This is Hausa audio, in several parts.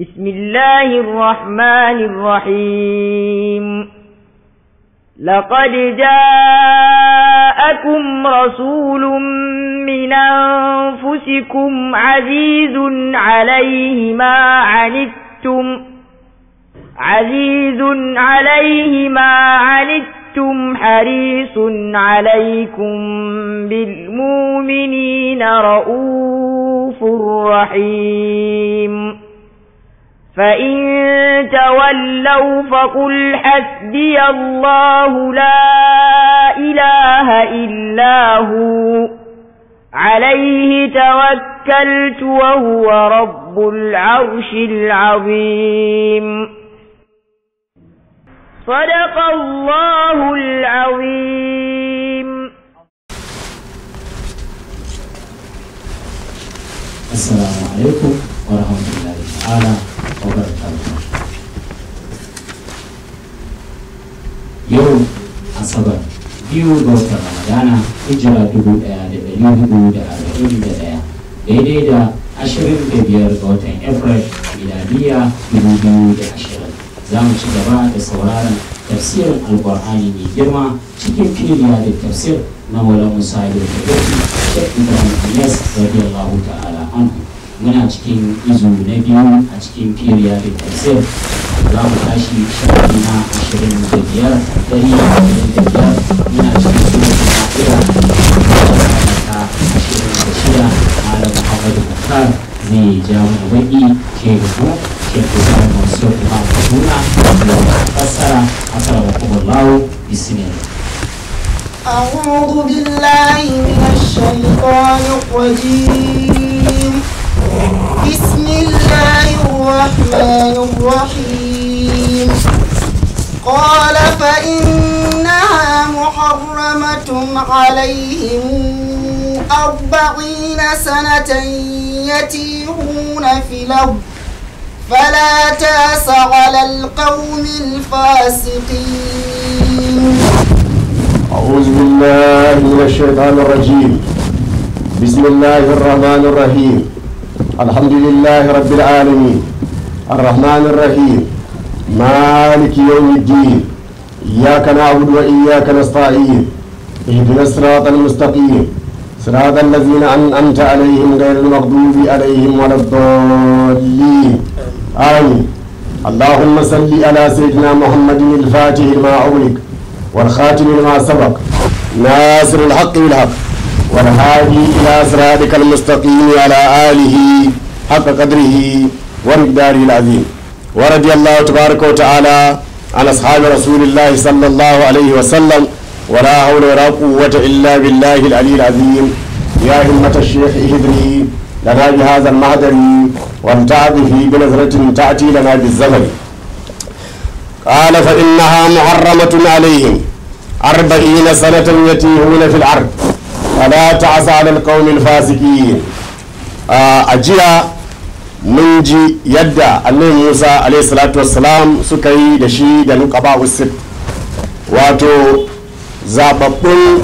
بسم الله الرحمن الرحيم لقد جاءكم رسول من أنفسكم عزيز عليه ما عنتم عزيز عليه ما عنتم حريص عليكم بالمؤمنين رؤوف غفور رحيم فإن تولوا فقل حسبي الله لا إله إلا هو عليه توكلت وهو رب العرش العظيم صدق الله العظيم assalamu alaikum wa rahmatullahi ta'ala wa barakatuh yau asabar biyu ga watan ramadana hijira dubu ɗaya da dari hudu da arba'in da daya daidai da ashirin da biyar ga watan april miladiya dubu biyu da ashirin za mu ci gaba da sauraron tafsirin alkur'ani mai girma cikin filiya da tafsir na maula musa da tafi shekki da radiyallahu ta'ala anhu muna cikin izu na biyu a cikin periodic tafsir za mu tashi shafi na ashirin da biyar dari ashirin da biyar muna cikin sura ta ta ashirin da shida malam da muktar zai ja mana baki ke ku ke da da masu yau imam kaduna da fassara asalamu alaikum bismillah أعوذ بالله من الشيطان الرجيم بسم الله الرحمن الرحيم قال فإنها محرمة عليهم أربعين سنة يتيهون في الأرض فلا تاس على القوم الفاسقين بالله من الشيطان الرجيم بسم الله الرحمن الرحيم الحمد لله رب العالمين الرحمن الرحيم مالك يوم الدين إياك نعبد وإياك نستعين اهدنا الصراط المستقيم صراط الذين أنعمت عليهم غير المغضوب عليهم ولا الضالين آمين اللهم صل على سيدنا محمد الفاتح ما أغلق والخاتم ما سبق ناصر الحق بالحق والهادي إلى صراطك المستقيم على آله حق قدره ومقداره العظيم ورضي الله تبارك وتعالى عن أصحاب رسول الله صلى الله عليه وسلم ولا حول ولا قوة إلا بالله العلي العظيم يا همة الشيخ اهدري لنا بهذا المهدر وامتع به بنظرة تأتي لنا بالزمن قال فإنها محرمة عليهم أربعين سنة يتيهون في الأرض فلا تعس على القوم الفاسقين أجيا mun ji yadda موسى عليه الصلاة والسلام سكي suka yi da shi da nukaba wato zababbun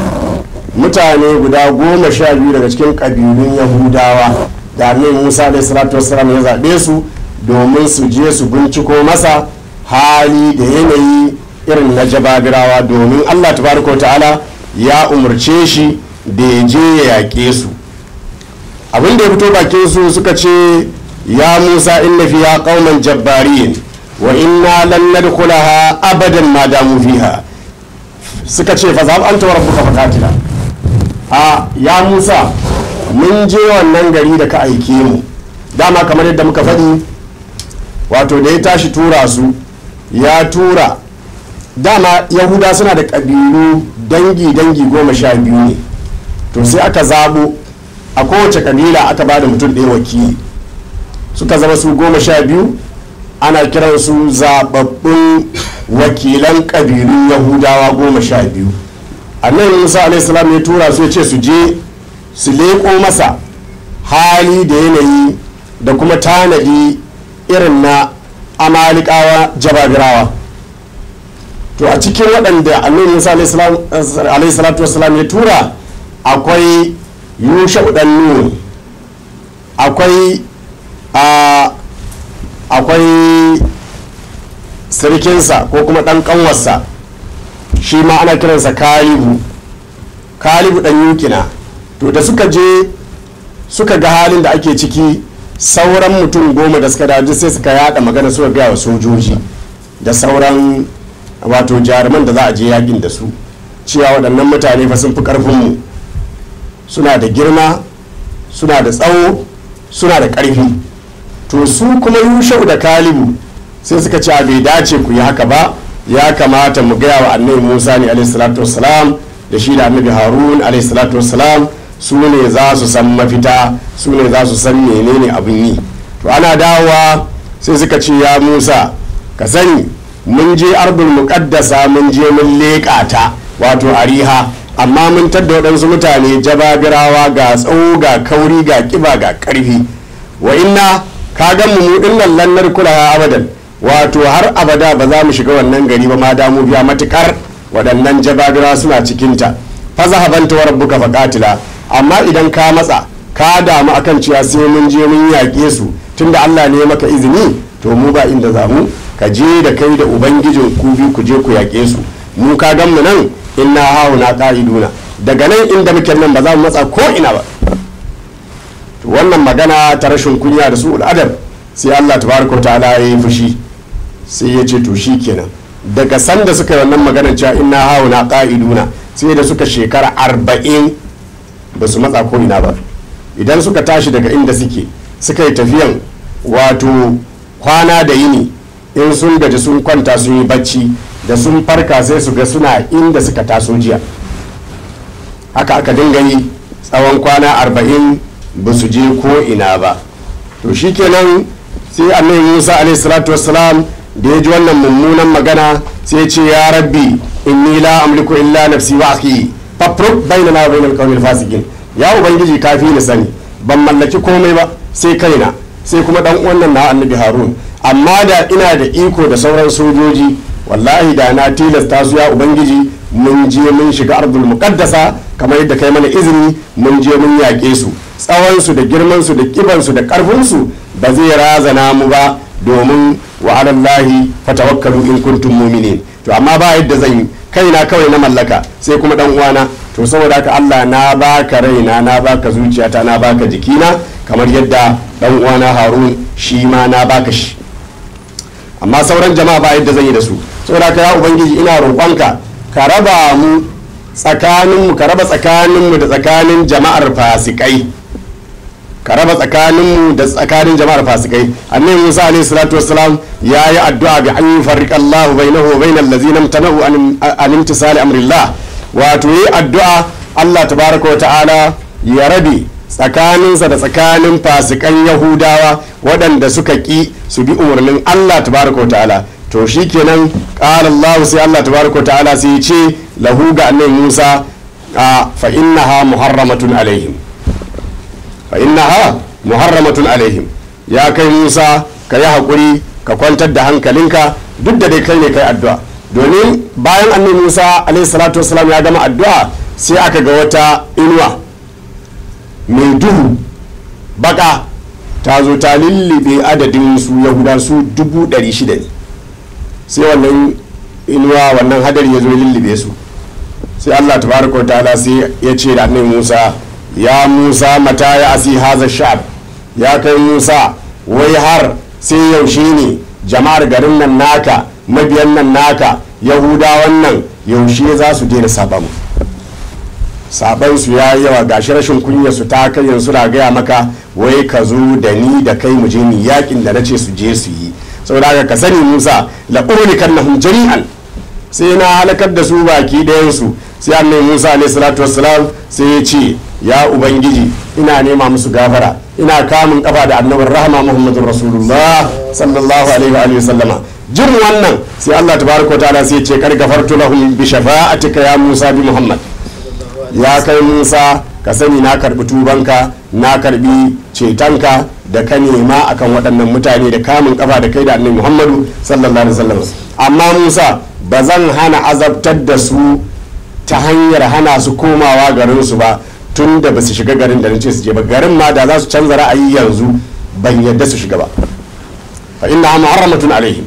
mutane guda goma sha biyu daga cikin ƙabilun yahudawa da annabi musa alaihi salatu wassalam ya zaɓe su domin su je su binciko masa hali da yanayi irin na jababirawa domin allah tabaraka ta'ala ya umarce shi da ya je ya yaƙe su abin da ya fito bakin su suka ce ya musa inna ya qauman jabbariyin wa inna lan nadkhulaha abadan ma damu fiha suka ce fa an anta kuka faqatila a ya musa mun je wannan gari da ka aike mu dama kamar yadda muka faɗi wato da ya tashi tura su ya tura dama yahuda suna da ƙabilu dangi-dangi goma sha biyu ne to sai aka zabo a kowace kabila aka ba da mutum ɗaya wakili suka zama su goma sha biyu ana kiran su zababbun wakilan ƙabilun yahudawa goma sha biyu annabi musa alaihissalam ya tura su ya ce su je su leƙo masa hali da yanayi da kuma tanadi irin na amalikawa jababirawa to a cikin waɗanda annabi musa alaihi salatu wasalam ya tura akwai yusha dan nun akwai a akwai sirkinsa ko kuma ɗan ƙanwarsa shi ma ana kiransa kalibu kalibu ɗan yukina to da suka je suka ga halin da ake ciki sauran mutum goma da suka daji sai suka yada magana suka gaya wa sojoji da sauran wato jaruman da za a je yakin da su cewa waɗannan mutane fa sun fi ƙarfinmu suna da girma suna da tsawo suna da ƙarfi to su kuma yushau da kalibu sai suka ce a bai dace ku yi haka ba ya kamata mu gaya wa annabi musa ne alaihissalatu wassalam da shi da annabi harun alaihissalatu wassalam su ne za su san mafita su ne za su san menene abin yi to ana dawowa sai suka ce ya musa ka sani mun je ardul muqaddasa mun je mun leƙa ta wato ariha amma mun tadda waɗansu mutane jabagirawa ga tsawo ga kauri ga kiba ga ƙarfi wa inna ka gan mu dinnan lannar kulaha abadan wato har abada ba za mu shiga wannan gari ba ma damu biya matukar waɗannan jabagirawa suna cikinta faza habanta wa rabbuka faqatila amma idan ka matsa ka damu akan cewa sai mun je mun yaƙe su tunda Allah ne maka izini to mu ba inda za mu ka je da kai da ubangijin ku biyu ku je ku yaƙe su mu ka gan mu nan inna hauna qa'iduna daga nan inda muke nan ba za mu matsa ko ina ba wannan magana ta rashin kunya da su adab sai Allah tabaraka ta'ala ya yi fushi sai ya ce to kenan daga sanda suka yi wannan magana cewa inna hauna qa'iduna sai da suka shekara arba'in ba su matsa ko ina ba idan suka tashi daga inda suke suka yi tafiyan wato kwana da yini in sun gaji sun kwanta sun yi bacci da sun farka sai su ga suna inda suka taso jiya haka aka dinga yi tsawon kwana arba'in ba su je ko ina ba to shikenan sai annabi musa alaihi salatu da ya ji wannan mummunan magana sai ce ya rabbi inni la amliku illa nafsi wa akhi fafruk bainana wa bainal qawmil fasiqin ya ubangiji kafi ni sani ban mallaki komai ba sai kaina sai kuma dan uwan na annabi harun amma da ina da iko da sauran sojoji wallahi da na tilasta su ya ubangiji mun je mun shiga ardul muqaddasa kamar yadda kai mana izini mun je mun yaƙe su tsawon su da girman su da kiban su da karfin su ba zai razana mu ba domin wa alallahi tawakkalu in kuntum mu'minin to amma ba yadda zan yi kaina kawai na mallaka sai kuma dan uwana to saboda haka Allah na baka raina na baka zuciyata na baka jikina kamar yadda dan uwana Harun shi ma na baka shi amma sauran jama'a ba yadda zan yi da su saboda ka ya ubangiji ina roƙonka ka raba mu tsakanin mu ka raba tsakanin mu da tsakanin jama'ar fasikai ka raba tsakanin mu da tsakanin jama'ar fasikai annabi Musa alayhi salatu wassalam ya yi addu'a bi an yufarriqa Allahu bainahu wa bainal ladzina imtana'u an imtisali amrillah wato yi addu'a Allah tabaraka wa ta'ala ya rabi tsakaninsa da tsakanin fasikan yahudawa waɗanda suka ƙi su bi umarnin allah tabaraka wa ta'ala to shi kenan ƙara allahu sai allah tabaraka wa ta'ala sai ce lahu ga annabi musa a fa muharramatun alaihim muharramatun alaihim ya kai musa ka yi haƙuri ka kwantar da hankalinka duk da dai kai ne kai addu'a domin bayan annabi musa alaihi ya gama addu'a sai aka ga wata inuwa mai duhu baka ta zo ta lullube adadin su yahuda su dubu ɗari shida ne sai wannan inuwa wannan hadari ya zo lullube su sai allah ta tabaraka ala sai ya ce da annabi musa ya musa mata ya asi haza sha'ab ya kai musa wai har sai yaushe ne jama'ar garin nan naka mabiyan nan naka yahuda wannan yaushe za su daina saba mu Sabon su ya yawa gashi rashin kunya su ta kai yanzu da gaya maka wai ka zo da ni da kai mu je mu yakin da nace su je su yi saboda ka sani Musa la ulikannahum jami'an sai na halakar da su baki da su sai annabi Musa alayhi salatu wassalam sai ya ce ya ubangiji ina nema musu gafara ina kamun kafa da annabin rahama Muhammadur Rasulullah sallallahu alaihi wa sallama jin wannan sai Allah tabaraka wa ta'ala sai ya ce kar gafartu lahum bi shafa'atika ya Musa bi Muhammad ya kai musa ka sani na karbi tubanka na karbi cetonka da ka nema akan waɗannan mutane da kamun kafa da kai da annabi muhammadu sallallahu alaihi wasallam amma musa ba zan hana azabtar da su ta hanyar hana su komawa garin su ba tun da ba su shiga garin da nace su je ba garin ma da za su canza ra'ayi yanzu ban yadda su shiga ba fa inna muharramatun alaihim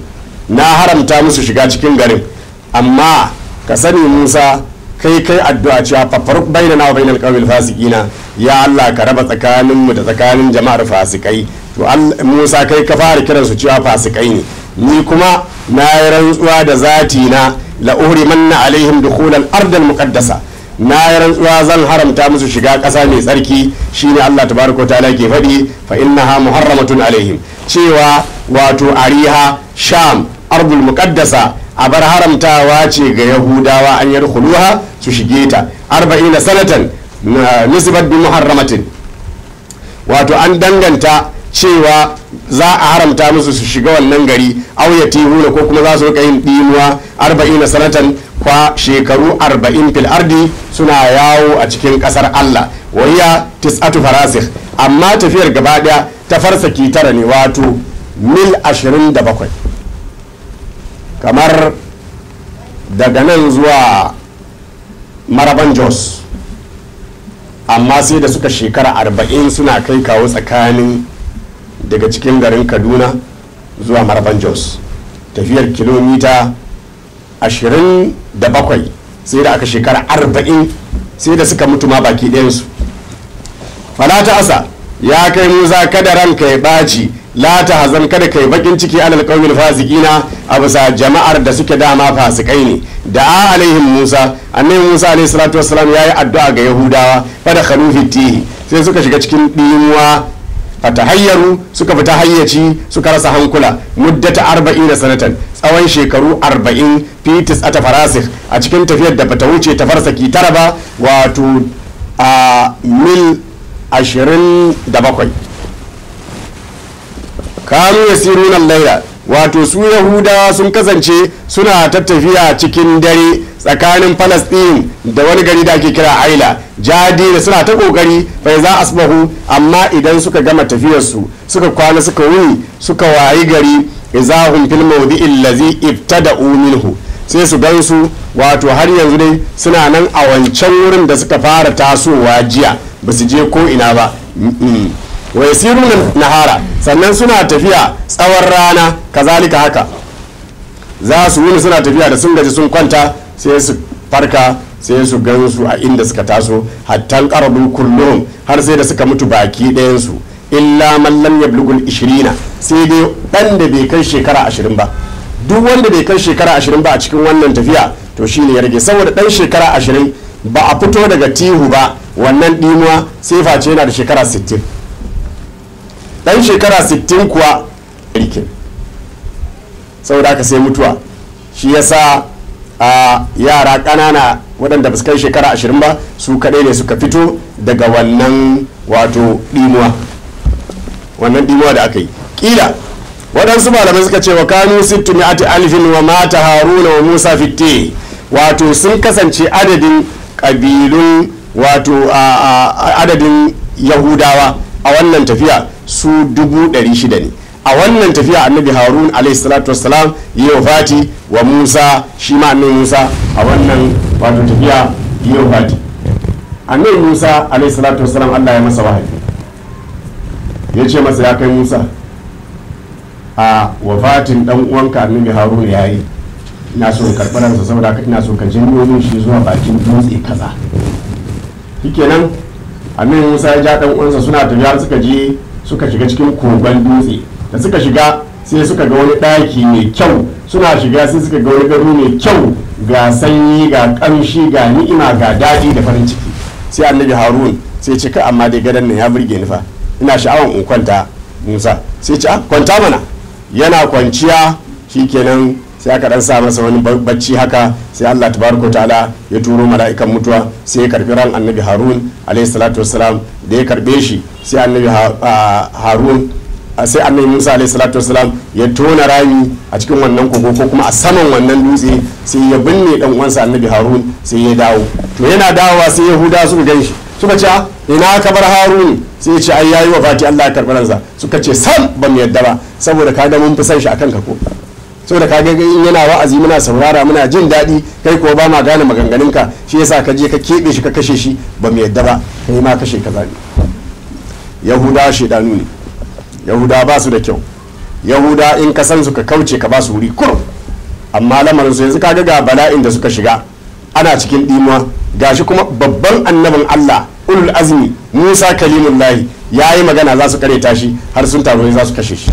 na haramta musu shiga cikin garin amma ka sani musa kai kai addu'a cewa fafar baina na bainal qawmil fasikina. ya Allah ka raba tsakanin da tsakanin jama'ar fasikai to Musa kai ka fara kiran su cewa fasikai ne ni kuma na yi rantsuwa da zati na la manna alaihim dukhulal al muqaddasa na yi rantsuwa zan haramta musu shiga ƙasa mai tsarki shine Allah tabaraka ta'ala ke faɗi fa innaha muharramatun alaihim cewa wato ariha sham ardul muqaddasa a bar haramtawa ce ga yahudawa an yadkhuluha su shige ta arba'ina sanatan nisbat bi muharramatin wato an danganta cewa za a haramta musu su shiga wannan gari auyati hula ko kuma za su rika yin dinuwa arba'ina sanatan kwa shekaru arba'in fil ardi suna yawo a cikin kasar Allah waya tis'atu farasikh amma tafiyar gaba daya ta farsaki tara ne wato mil ashirin da bakwai kamar daga nan zuwa maraban jos amma sai da suka shekara arba'in suna kai kawo tsakanin daga cikin garin kaduna zuwa maraban jos tafiyar kilomita 27 sai da aka shekara arba'in sai da suka mutu ma baki ɗayansu falata asa ya kai musa kada ranka ya ɓaci la ta hazan kada kai bakin ciki alal qaumil fasikina a bisa jama'ar da suke dama fasikai ne da alaihim musa annabi musa alaihi salatu wassalam yayi addu'a ga yahudawa fa da khalufi tihi sai suka shiga cikin dimuwa fatahayyaru suka fita hayyaci suka rasa hankula muddata arba'ina sanatan tsawon shekaru arba'in fitis ata farasik a cikin tafiyar da bata wuce ta farsaki tara ba wato a mil ashirin da bakwai kanu siru nan laila wato su yahudawa sun kasance suna tattafiya cikin dare tsakanin palestin da wani gari da ake kira aila jadi da suna ta kokari bai za asbahu amma idan suka gama tafiyarsu suka kwana suka wuni suka wayi gari izahum fil mawdi'il ifta ibtada'u minhu sai su gan su wato har yanzu dai suna nan a wancan wurin da suka fara tasowa jiya ba su je ko ina ba wa yasiruna nahara sannan suna tafiya tsawon rana kazalika haka za su wuni suna tafiya da sun gaji sun kwanta sai su farka sai su gansu a inda suka taso hatta qarabun kullum har sai da suka mutu baki ɗayan su illa man lam yablugul ishirina sai dai dan da bai kai shekara ashirin ba duk wanda bai kai shekara ashirin ba a cikin wannan tafiya to shine ya rage saboda dan shekara ashirin ba a fito daga tihu ba wannan ɗimuwa sai face yana da shekara sittin dan shekara 60 kuwa rikin saboda ka sai mutuwa shi yasa a yara ƙanana waɗanda basu kai shekara 20 ba su kaɗai ne suka fito daga wannan wato ɗimuwa wannan ɗimuwa da aka yi ƙila waɗansu malamai suka ce wa kanu sittu mi'ati alfin wa mata haruna wa musa fitte wato sun kasance adadin ƙabilun wato adadin yahudawa a wannan tafiya su dubu ɗari shida ne a wannan tafiya annabi harun alayhi salatu wassalam yi wa fati wa musa shi ma annabi musa a wannan wato tafiya yi wa fati annabi musa alayhi salatu wassalam allah ya masa wahayi ya ce masa ya kai musa a wafatin dan uwanka annabi harun ya yi ina so in karɓi saboda ka ina so ka janyo min shi zuwa bakin dutse kaza shikenan annabi musa ya ja dan uwansa suna tafiya suka je suka shiga cikin kogon dutse da suka shiga sai suka ga wani ɗaki mai kyau suna shiga sai suka ga wani gado mai kyau ga sanyi ga ƙamshi ga ni'ima ga daɗi da farin ciki sai annabi harun sai ce ka amma dai gadon nan ya burge ni fa ina sha'awan in kwanta musa sai ce ah, kwanta mana yana kwanciya shikenan sai aka dan sa masa wani bacci haka sai Allah tabaraka ta'ala ya turo mala'ikan mutuwa sai ya karbi ran annabi harun alayhi salatu wassalam da ya karbe shi sai annabi harun sai annabi musa alayhi salatu wassalam ya tona rami a cikin wannan kogo ko kuma a saman wannan dutse sai ya binne dan uwansa annabi harun sai ya dawo to yana dawowa sai yahuda suka gan shi suka ce ah, ina ka bar harun sai ya ce ai yayi wa fati Allah ya karbi ransa suka ce sam ban yadda ba saboda ka ga mun fi san shi akan ka ko so da kage in yana wa'azi muna saurara muna jin daɗi kai kuwa ba ma gane maganganun ka shi yasa ka je ka keɓe shi ka kashe shi ba mu yadda ba kai ma kashe ka zabi yahuda shedanu ne yahuda ba su da kyau yahuda in ka san su ka kauce ka ba su wuri kurum amma lamarin su yanzu kaga ga bala'in da suka shiga ana cikin dimuwa gashi kuma babban annabin Allah ulul azmi Musa kalimullahi yayi magana za su kare shi har sun taro za su kashe shi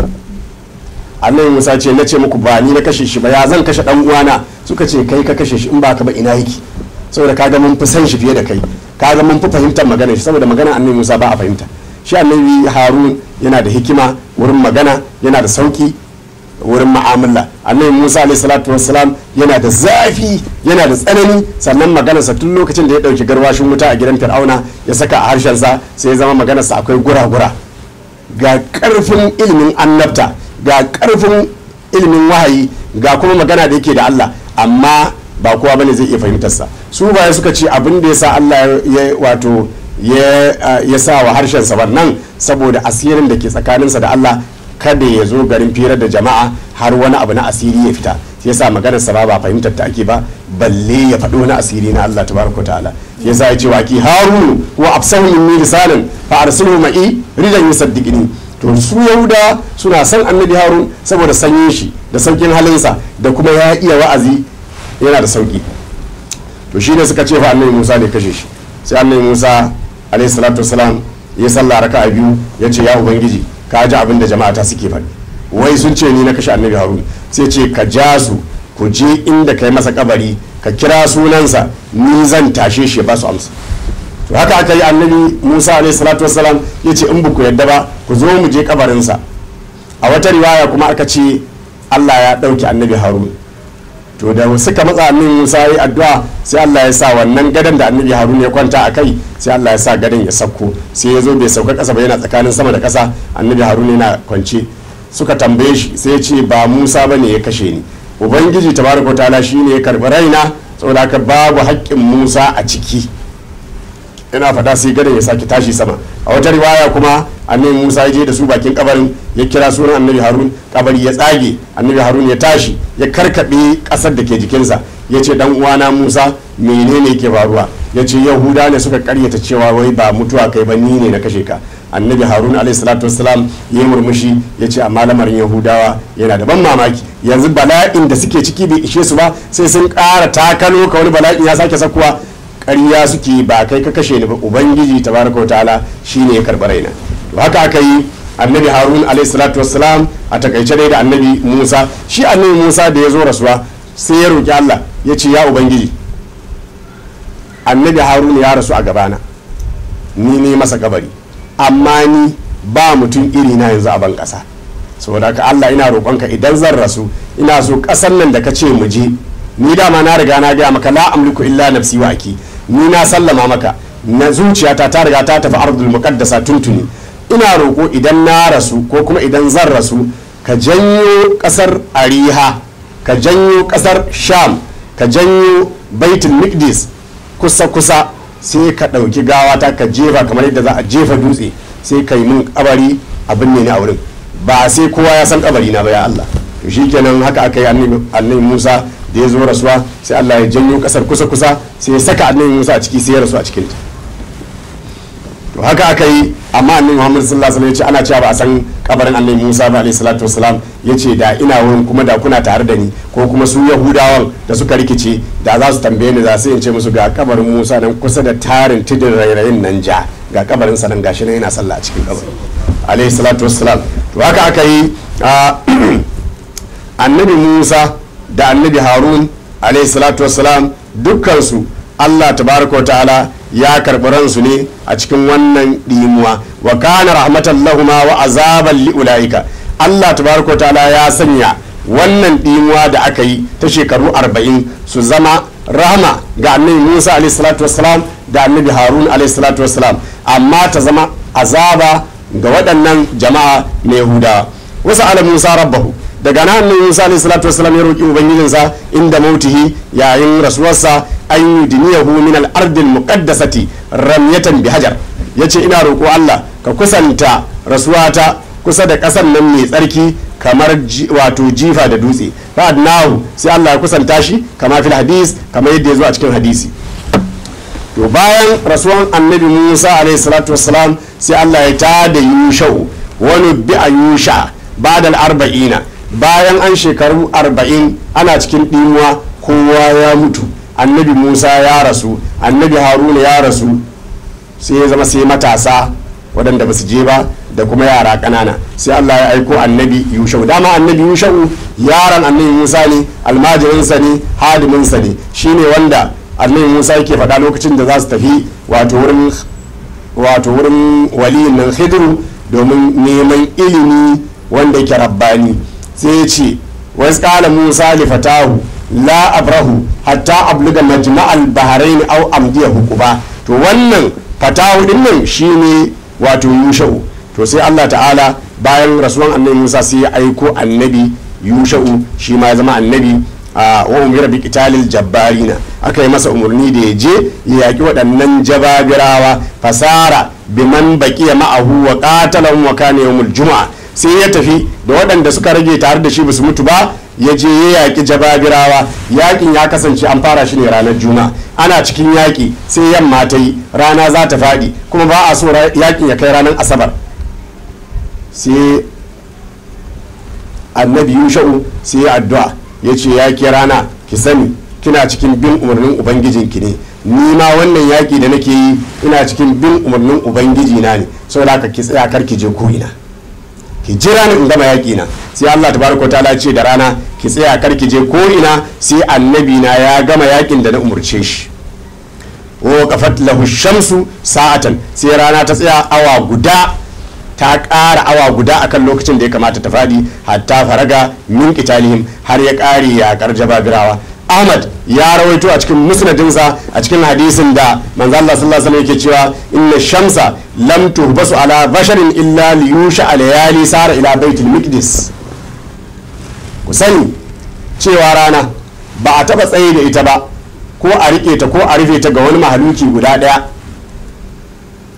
annabi musa ce na ce muku ba ni na kashe shi ba ya zan kashe dan uwana suka ce kai ka kashe shi in ba ka ba ina yake saboda kaga mun fi san shi fiye da kai kaga mun fi fahimtar magana shi saboda magana annabi musa ba a fahimta shi annabi harun yana da hikima wurin magana yana da sauki wurin ma'amala annabi musa alayhi salatu wassalam yana da zafi yana da tsanani sannan magana sa tun lokacin da ya dauki garwashin wuta a gidan fir'auna ya saka a harshen sa sai ya zama magana sa akwai gura-gura ga karfin ilimin annabta ga karfin ilimin wahayi ga kuma magana da yake da Allah amma ba kowa bane zai iya fahimtarsa su baya suka ce abin da yasa Allah ya wato ya sa wa harshen sa wannan saboda asirin da ke tsakaninsa da Allah kada ya zo garin firar da jama'a har wani abu na asiri ya fita shi yasa maganar sa ba fahimtar ta ake ba balle ya faɗo na asiri na Allah tabaraka ta'ala ya sa ya ce wa ki harunu wa absahu min risalin fa arsilhu ma'i ridan yusaddiqini to su yahuda suna san annabi harun saboda sanyin shi da saukin halinsa da kuma ya iya wa'azi yana da sauki to shi ne suka ce fa annabi musa ne kashe shi sai annabi musa alaihi salatu wasalam ya sallah a biyu ya ce ya ubangiji ka ji abin da jama'a ta suke faɗi wai sun ce ni na kashe annabi harun sai ce ka ja su ku je inda ka yi masa kabari ka kira sunansa ni zan tashe shi ba su amsa to haka aka yi annabi musa alaihi salatu wasalam ya ce in ku yadda ba ku zo mu je kabarinsa a wata riwaya kuma aka ce allah ya ɗauki annabi harun to da suka matsa annabi musa ya yi addu'a sai allah ya sa wannan gadon da annabi harun ya kwanta a kai sai allah ya sa gadon ya sauko sai ya zo bai sauka kasa ba yana tsakanin sama da kasa, annabi harun yana kwance suka tambaye shi sai ya ce ba musa ba ne ya kashe ni ubangiji tabaraka ta'ala shine ya karbi raina saboda haka babu haƙƙin musa a ciki yana fada sai gadan ya sake tashi sama a wata riwaya kuma annabi Musa ya je da su bakin kabarin ya kira sunan annabi Harun kabari ya tsage annabi Harun ya tashi ya karkabe kasar da ke jikinsa ya ce dan uwana Musa menene ke faruwa ya ce Yahuda ne suka karyata cewa wai ba mutuwa kai ba ni ne na kashe ka annabi harun wassalam ya murmushi ya ce amma lamarin yahudawa yana da ban mamaki yanzu bala'in da suke ciki bai ishe su ba sai sun ƙara takalo ka wani bala'in ya sake sakuwa ƙarya suke ba kai ka kashe ni ba ubangiji tabaraka wa ta'ala shine ya karɓi raina to haka aka yi annabi harun alayhi salatu wassalam a takaice dai da annabi musa shi annabi musa da ya zo rasuwa sai ya roki allah ya ce ya ubangiji annabi harun ya rasu a gabana ni ne masa kabari amma ni ba mutum iri na yanzu a ban kasa saboda ka allah ina roƙonka idan zan rasu ina so ƙasan nan da ka ce mu je ni dama na riga na gaya maka la amliku illa nafsi wa aki ni na sallama maka na zuciyata ta riga ta tafi ardul muqaddasa tuntuni ina roko idan na rasu ko kuma idan zan rasu ka janyo kasar ariha ka janyo kasar sham ka janyo baitul miqdis kusa kusa sai ka ɗauki gawata ka jefa kamar yadda za a jefa dutse sai ka yi min kabari abin ne a wurin ba sai kowa ya san kabari na ba ya Allah to shikenan haka aka yi annabi Musa da ya zo rasuwa sai Allah ya janyo kasar kusa kusa sai ya saka annabi Musa a ciki sai ya rasu a cikin ta to haka aka yi amma annabi Muhammad sallallahu alaihi wasallam ya ce ana cewa ba a san kabarin annabi Musa ba alaihi salatu wasalam ya ce da ina wurin kuma da kuna tare da ni ko kuma su Yahudawan da suka rikice da za su tambaye ni za su in ce musu ga kabarin Musa nan kusa da tarin tudun rairayin nan ja ga kabarin sa nan gashi nan yana sallah a cikin kabarin alaihi salatu wasalam to haka aka yi annabi Musa da annabi harun alaihi salatu wasalam dukkansu allah tabaraka ta'ala ya karɓi ransu ne a cikin wannan ɗimuwa wa kana rahmatan lahuma wa azaban li'ulaika allah tabaraka ta'ala ya sanya wannan ɗimuwa da aka yi ta shekaru arba'in su zama rahama ga annabi musa alaihi salatu wasalam da annabi harun alaihi salatu wasalam amma ta zama azaba ga waɗannan jama'a na yahudawa wasu ala musa rabbahu daga nan ne Musa alayhi salatu wassalam ya roki ubangijinsa inda mautihi yayin rasuwarsa an yudniyahu min al ya muqaddasati ramyatan Ya yace ina roko Allah ka kusanta rasuwata kusa da ƙasar nan mai tsarki kamar wato jifa da dutse fa'ad na'u sai Allah ya kusanta shi kama fil hadis kamar yadda ya zo a cikin hadisi to bayan rasuwan annabi Musa alayhi salatu wassalam sai Allah ya tada yushau wani bi'a ba da al-arba'ina bayan an shekaru arba'in ana cikin ɗimuwa kowa ya mutu annabi musa ya rasu annabi haruna ya rasu sai ya zama sai matasa waɗanda ba su je ba da kuma yara ƙanana sai allah ya aiko annabi yushau dama annabi yushau yaran annabi musa ne almajirinsa ne hadiminsa ne shine wanda annabi musa yake faɗa lokacin da za su tafi wato wurin wato waliyin nan hidiru domin neman ilimi wanda yake rabbani sai ya ce wasu kala musa li fatahu la abrahu hatta abluga majma'al bahrain aw amdiya hukuba to wannan fatahu din nan shine wato yusha'u to sai Allah ta'ala bayan rasuwan annabi Musa sai ya aiko annabi yusha'u shi ma ya zama annabi a wa umira bi qitalil jabbarina aka yi masa umarni da ya je ya yaki waɗannan jababirawa fasara biman baqiya ma'ahu wa katalan wa kana yawmul jumu'a sai ya tafi da waɗanda suka rage tare da shi basu mutu ba ya je ya yaƙi jababirawa yaƙin ya kasance an fara shi ne ranar juma ana cikin yaƙi sai yamma ta yi rana za ta faɗi kuma ba a so yaƙin ya kai ranar asabar sai annabi yusha'u sai ya addu'a ya ce yaƙi rana ki sani kina cikin bin umarnin ubangijinki ne ni ma wannan yaƙi da nake yi ina cikin bin umarnin ubangijina ne saboda haka ki tsaya kar ki je ko ki jira ni in gama yaƙi na sai Allah tabaraka ta'ala ce da rana ki tsaya kar ki je ko ina sai annabi na ya gama yaƙin da na umurce shi wa qafat lahu shamsu sa'atan sai rana ta tsaya awa guda ta ƙara awa guda akan lokacin da ya kamata ta fadi hatta faraga min kitalihim har ya ƙare yaƙar jababirawa ahmad ya rawaito a cikin musnadinsa a cikin hadisin da manzo Allah sallallahu alaihi yake cewa inna shamsa lam tuhbasu ala basharin illa yusha alayali sara ila baitul miqdis ku sani cewa rana ba a taba tsaye da ita ba ko a rike ta ko a rufe ta ga wani mahaluki guda daya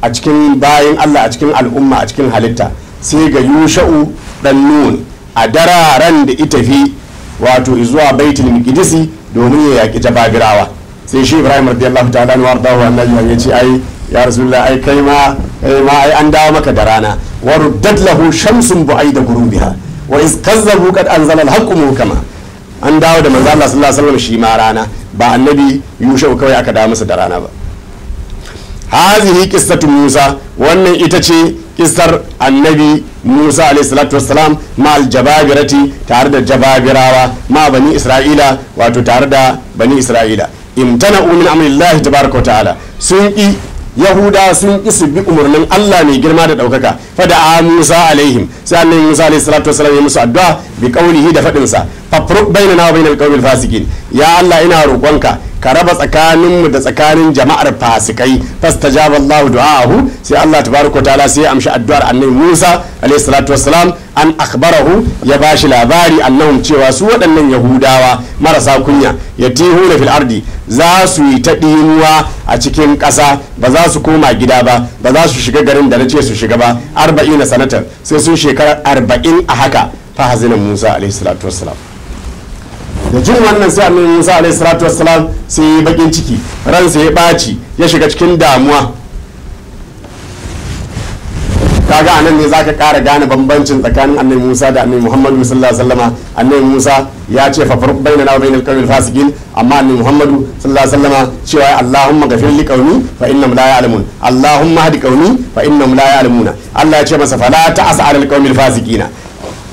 a cikin bayan Allah a cikin al'umma a cikin halitta sai ga yusha'u dan nun a dararen da ita fi wato zuwa baitul miqdisi domin ya yaƙi birawa sai shi ibrahim radiyallahu ta'ala wa ardahu annabi ya ce ai ya rasulullah ai kai ma kai ma ai an dawo maka da rana wa ruddat lahu shamsun bu'aida gurubiha wa iz kazzabu qad anzala al-haqqu muhkama an dawo da manzo Allah sallallahu alaihi wasallam shi ma rana ba annabi yushau kawai aka dawo masa da rana ba hazihi qissatu musa wannan ita ce kisar annabi musa alaihi ma aljababirati tare da jababirawa ma bani isra'ila wato tare da bani isra'ila imtana min ta baraka ta'ala sun ki yahuda sun ƙi su bi umarnin allah mai girma da daukaka fada a musa alaihim sai annabi musa alaihi salatu ya musu addu'a bi qaulihi da fadin sa fafruq bainana wa bainal qaumil fasikin ya allah ina roƙonka ka raba tsakaninmu da tsakanin jama'ar fasikai fastajaba Allah du'ahu sai Allah tabaraka ta'ala sai ya amshi addu'ar annabi Musa alayhi salatu wassalam an akbarahu ya bashi labari annahum cewa su waɗannan yahudawa marasa kunya yatihuna fil ardi za su yi ta ɗinuwa a cikin ƙasa ba za su koma gida ba ba za su shiga garin da na ce su shiga ba arba'ina sanatar sai sun shekarar arba'in a haka fa hazinan Musa alayhi salatu wassalam da jin wannan sai annabi Musa alaihi salatu wassalam sai ya bakin ciki ransa ya baci ya shiga cikin damuwa kaga anan ne zaka kara gane bambancin tsakanin annabi Musa da annabi Muhammadu sallallahu alaihi wasallama annabi Musa ya ce fa farq bainana wa bainal qawmil fasiqin amma annabi Muhammadu sallallahu alaihi wasallama cewa Allahumma ghafir li qawmi fa innahum la ya'lamun Allahumma hadi qawmi fa innahum la ya'lamuna Allah ya ce masa fala ta'asa alal qawmil fasiqina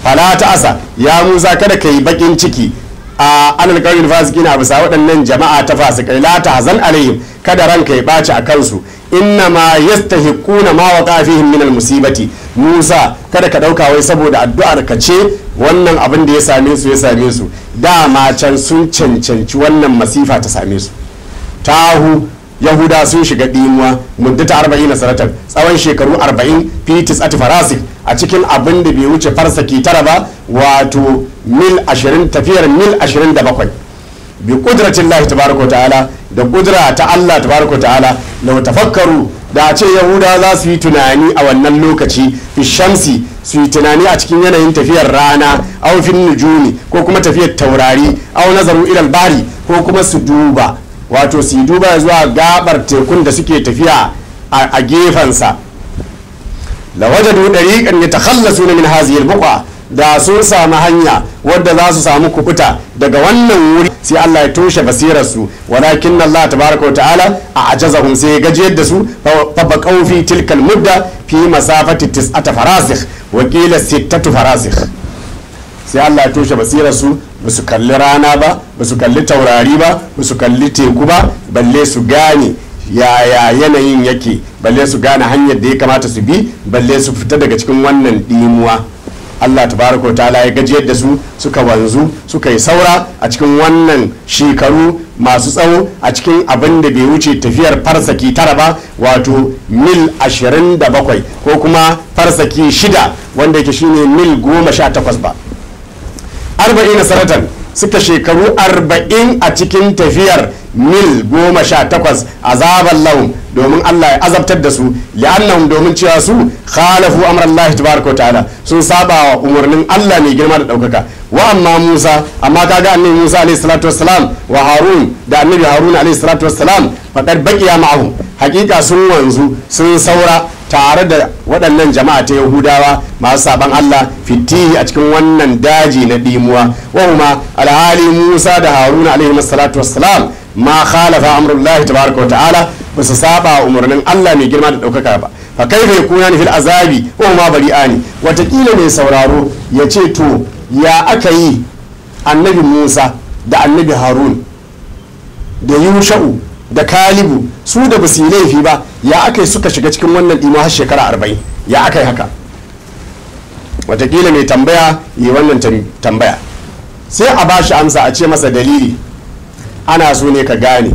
fala ta'asa ya Musa kada kai bakin ciki a alal kawil fasikina a bisa waɗannan jama'a ta fasikai la hazan alaihim kada ranka ya ɓaci a kansu inna ma yastahiquna ma waqa fihim min musibati Musa kada ka ɗauka wai saboda addu'ar ka ce wannan abin da ya same su ya same su dama can sun cancanci wannan masifa ta same su tahu yahuda sun shiga dimuwa muddata arba'in na saratar. tsawon shekaru arba'in fitis at farasik a cikin abin da bai wuce farsa farsaki tara ba wato mil ashirin tafiyar mil ashirin da bakwai bi kudratin lahi tabaraka ta'ala da kudra ta allah tabaraka ta'ala wata tafakkaru da a ce yahuda za su yi tunani a wannan lokaci fi shamsi su yi tunani a cikin yanayin tafiyar rana au fin nujumi ko kuma tafiyar taurari au nazaru ilal bari ko kuma su duba wato su duba zuwa gabar tekun da suke tafiya a gefensa kan wajadu dariqan suna min haziyar bukwa da sun samu hanya wadda za su samu kubuta daga wannan wuri sai Allah ya toshe basirar su walakin Allah tabaraka ta'ala a ajazahum sai ya gajiyar da su fa baqaw fi tilkal mudda fi masafati tis'ata farasikh wa qila sittatu farasikh sai Allah ya toshe basirar su ba su kalli rana ba ba su kalli taurari ba ba su kalli teku ba balle su gane yaya yanayin yake balle su gane hanyar da ya kamata su bi balle su fita daga cikin wannan dimuwa Allah tabaraka ta'ala ya gajiyar da su suka wanzu suka yi saura a cikin wannan shekaru masu tsawo a cikin abin da bai wuce tafiyar farsaki tara ba wato mil 27 ko kuma farsaki shida wanda yake shine mil 18 ba arba'ina saratan suka shekaru arba'in a cikin tafiyar mil goma sha takwas a azaban laun domin Allah ya azabtar da su li'annan domin cewa su khalafu amrallahi tabaraka ta'ala sun saba wa umarnin Allah mai girma da daukaka wa amma Musa amma kaga annabi Musa alaihi salatu wassalam wa Harun da annabi Harun alaihi salatu wassalam faqad baqiya ma'ahu hakika sun wanzu sun saura tare da waɗannan jama'a ta yahudawa masu saban allah fitihi a cikin wannan daji na dimuwa wahuma alhali musa da haruna alaihi salatu wassalam ma khalafa amrullahi tabaraka wa ta'ala ba su saba umarnin allah mai girma da ɗaukaka ba fa kai bai kuna fil azabi wahuma bari'ani watakila mai sauraro ya ce to ya aka yi annabi musa da annabi harun da yusha'u da kalibu su da ba su yi laifi ba ya aka yi suka shiga cikin wannan ɗima har shekara arba'in ya aka yi haka watakila mai tambaya yi wannan tambaya sai a ba shi amsa a ce masa dalili ana so ne ka gane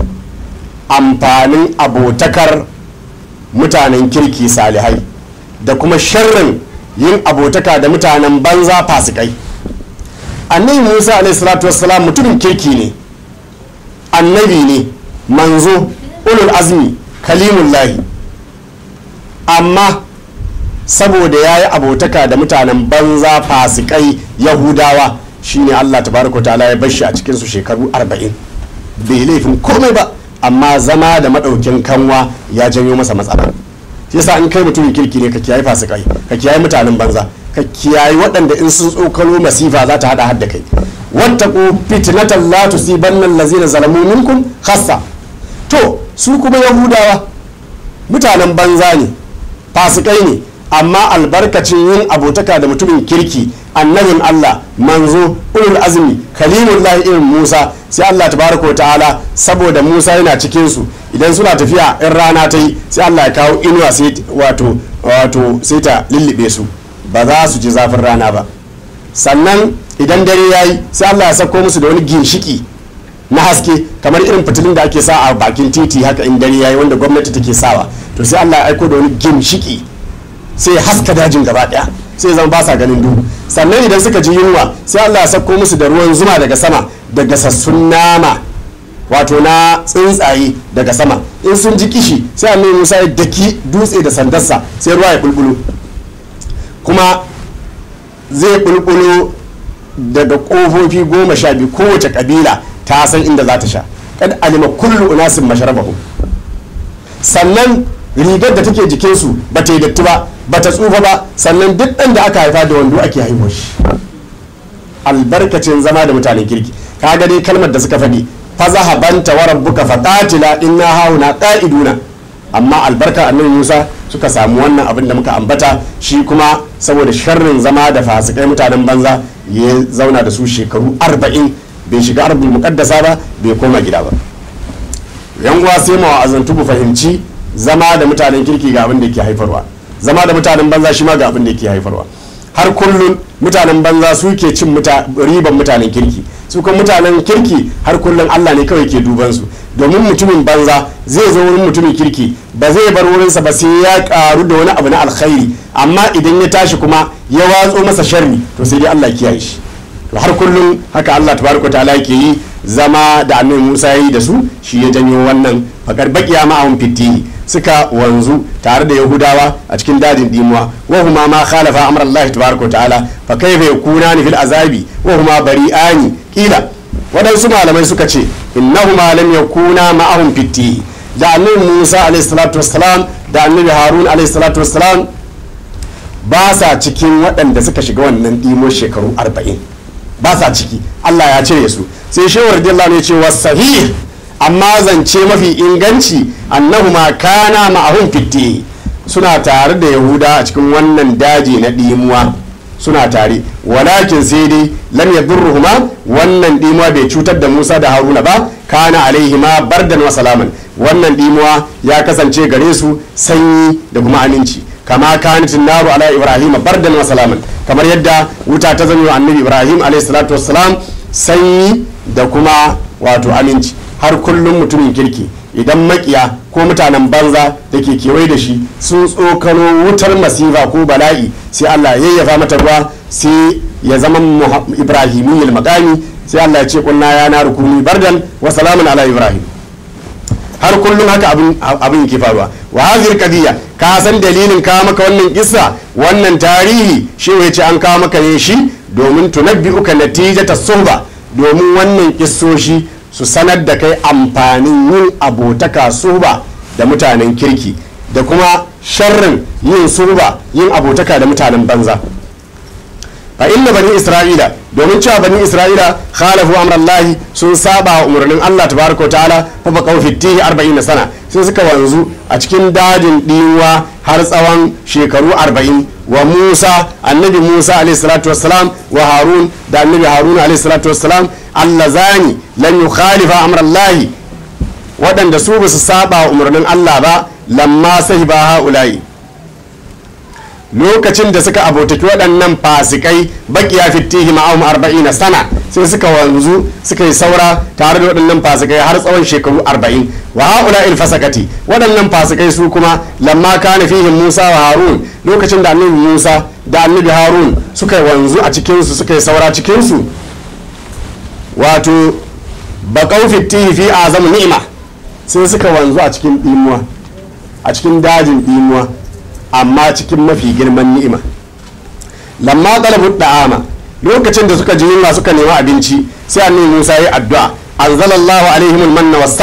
amfanin abotakar mutanen kirki salihai da kuma sharrin yin abotaka da mutanen banza fasikai annabi musa alaihi salatu mutumin kirki ne annabi ne manzo ulul azmi kalimullahi amma saboda ya yi abotaka da mutanen banza fasikai yahudawa shine allah ta tabaraka ta'ala ya bashi a cikinsu shekaru arba'in bai laifin komai ba amma zama da maɗaukin kanwa ya janyo masa matsala yasa in kai mutum kirki ne ka kiyaye fasikai ka kiyaye mutanen banza ka kiyayi waɗanda in sun tsokalo masifa za ta hada hadda kai ku fitnatan la tusibanna allazina zalamu minkum khassa to su kuma yahudawa mutanen banza ne fasikai ne amma albarkacin yin abotaka da mutumin kirki annabin Allah manzo ulul azumi kalimullahi irin Musa sai Allah tabaraka wa ta'ala saboda Musa yana cikinsu idan suna tafiya in rana ta yi sai Allah ya kawo inuwa sai wato sai ta lullube su ba za su ji zafin rana ba sannan idan dare ya yi sai Allah ya sako musu da wani ginshiki na haske kamar irin fitilun da ake sa a bakin titi haka in dare yayi wanda gwamnati take sawa to sai Allah ya aiko da wani gimshiki sai haska dajin gaba daya sai zama ba sa ganin duhu sannan idan suka ji yunwa sai Allah ya sako musu da ruwan zuma daga sama daga sassun nama wato na tsuntsaye daga sama in sun ji kishi sai annabi Musa ya daki dutse da sandarsa sai ruwa ya bulbulo kuma zai bulbulo daga kofofi goma sha biyu kowace kabila ta san inda za ta sha kad alima kullu unasin masharabahu sannan rigar da take jikinsu ba ta yi datti ba ba ta tsufa ba sannan duk ɗan da aka haifa da wando ake haihuwa shi albarkacin zama da mutanen kirki kaga dai kalmar da suka faɗi fazaha banta wa rabbuka na inna na qa'iduna amma albarka annabi Musa suka samu wannan abin da muka ambata shi kuma saboda sharrin zama da fasikai mutanen banza ya zauna da su shekaru arba'in bai shiga arbul muqaddasa ba bai koma gida ba yan uwa sai mu azantu mu fahimci zama da mutanen kirki ga abin da ke haifarwa zama da mutanen banza shi ma ga abin da ke haifarwa har kullun mutanen banza su ke cin riban mutanen kirki su kan mutanen kirki har kullum Allah ne kawai ke duban su domin mutumin banza zai zo wurin mutumin kirki ba zai bar wurinsa ba sai ya karu da wani abu na alkhairi amma idan ya tashi kuma ya watso masa sharri to sai dai Allah kiyaye shi har kullum haka Allah tabaraka ta'ala yake yi zama da annabi Musa yi da su shi ya janyo wannan fakar baqiya ma'ahum fitihi suka wanzu tare da Yahudawa a cikin dajin dimuwa wa huma ma khalafa amr Allah tabaraka ta'ala fa kayfa yakunani fil azabi wa huma bari'ani kila wadansu malamai suka ce innahuma lam yakuna ma'ahum fitihi da annabi Musa alayhi salatu wassalam da annabi Harun alayhi salatu wassalam ba sa cikin waɗanda suka shiga wannan dimo shekaru arba'in ba sa ciki Allah ya cire su sai shehu radiyallahu ne cewa sahih amma zance mafi inganci annahuma kana ma'ahum fitti suna tare da yahuda a cikin wannan daji na dimuwa suna tare walakin sai dai lam yadurruhuma wannan dimuwa bai cutar da Musa da Haruna ba kana alaihima bardan wa salaman wannan dimuwa ya kasance gare su sanyi da kuma aminci kama kanat naru ala ibrahim bardan wa salaman kamar yadda wuta ta zama annabi ibrahim alayhi salatu wassalam sanyi da kuma wato aminci har kullum mutumin kirki idan makiya ko mutanen banza da ke kewaye da shi sun tsokano wutar masifa ko bala'i sai allah ya yayyafa mata ruwa sai ya zama ibrahimiyul makami sai allah ya ce kunna ya na rukuni bardan wa salamun ala ibrahim har kullum haka abin yake faruwa wa hazir kadiya ka san dalilin ka maka wannan kisa wannan tarihi shi wai ce an kawo maka ne shi domin natija ta sunba domin wannan kisoshi su sanar da kai amfanin yin abotaka suhba da mutanen kirki da kuma sharrin yin suba yin abotaka da mutanen banza fa inna bani isra'ila domin cewa bani isra'ila khalafu amrallahi sun saba wa umarnin allah tabaraka ta'ala fa fa arba'in 40 sana sai suka wanzu a cikin dajin dinwa har tsawon shekaru 40 wa musa annabi musa alayhi salatu wassalam wa harun da annabi harun alayhi salatu wassalam allazani lam yukhalifa amrallahi waɗanda su basu saba wa umarnin allah ba lamma sahiba ha'ula'i lokacin da suka abotaki waɗannan fasikai baki baƙiya fittihi arba'in arba'ina sana sai suka wanzu suka yi saura tare da waɗannan fasikai har tsawon shekaru arba'in wa haula il fasakati waɗannan fasikai su kuma lamma kana fihim musa wa harun lokacin da annabi musa da annabi harun suka yi wanzu a cikinsu suka yi saura cikinsu wato baƙau fitti fi azamu ni'ima sai suka wanzu a cikin ɗimuwa a cikin dajin ɗimuwa amma cikin mafi girman ni'ima lamma talabu da'ama lokacin da suka ji yunwa suka nema abinci sai annabi Musa ya addu'a anzalallahu alaihimu manna was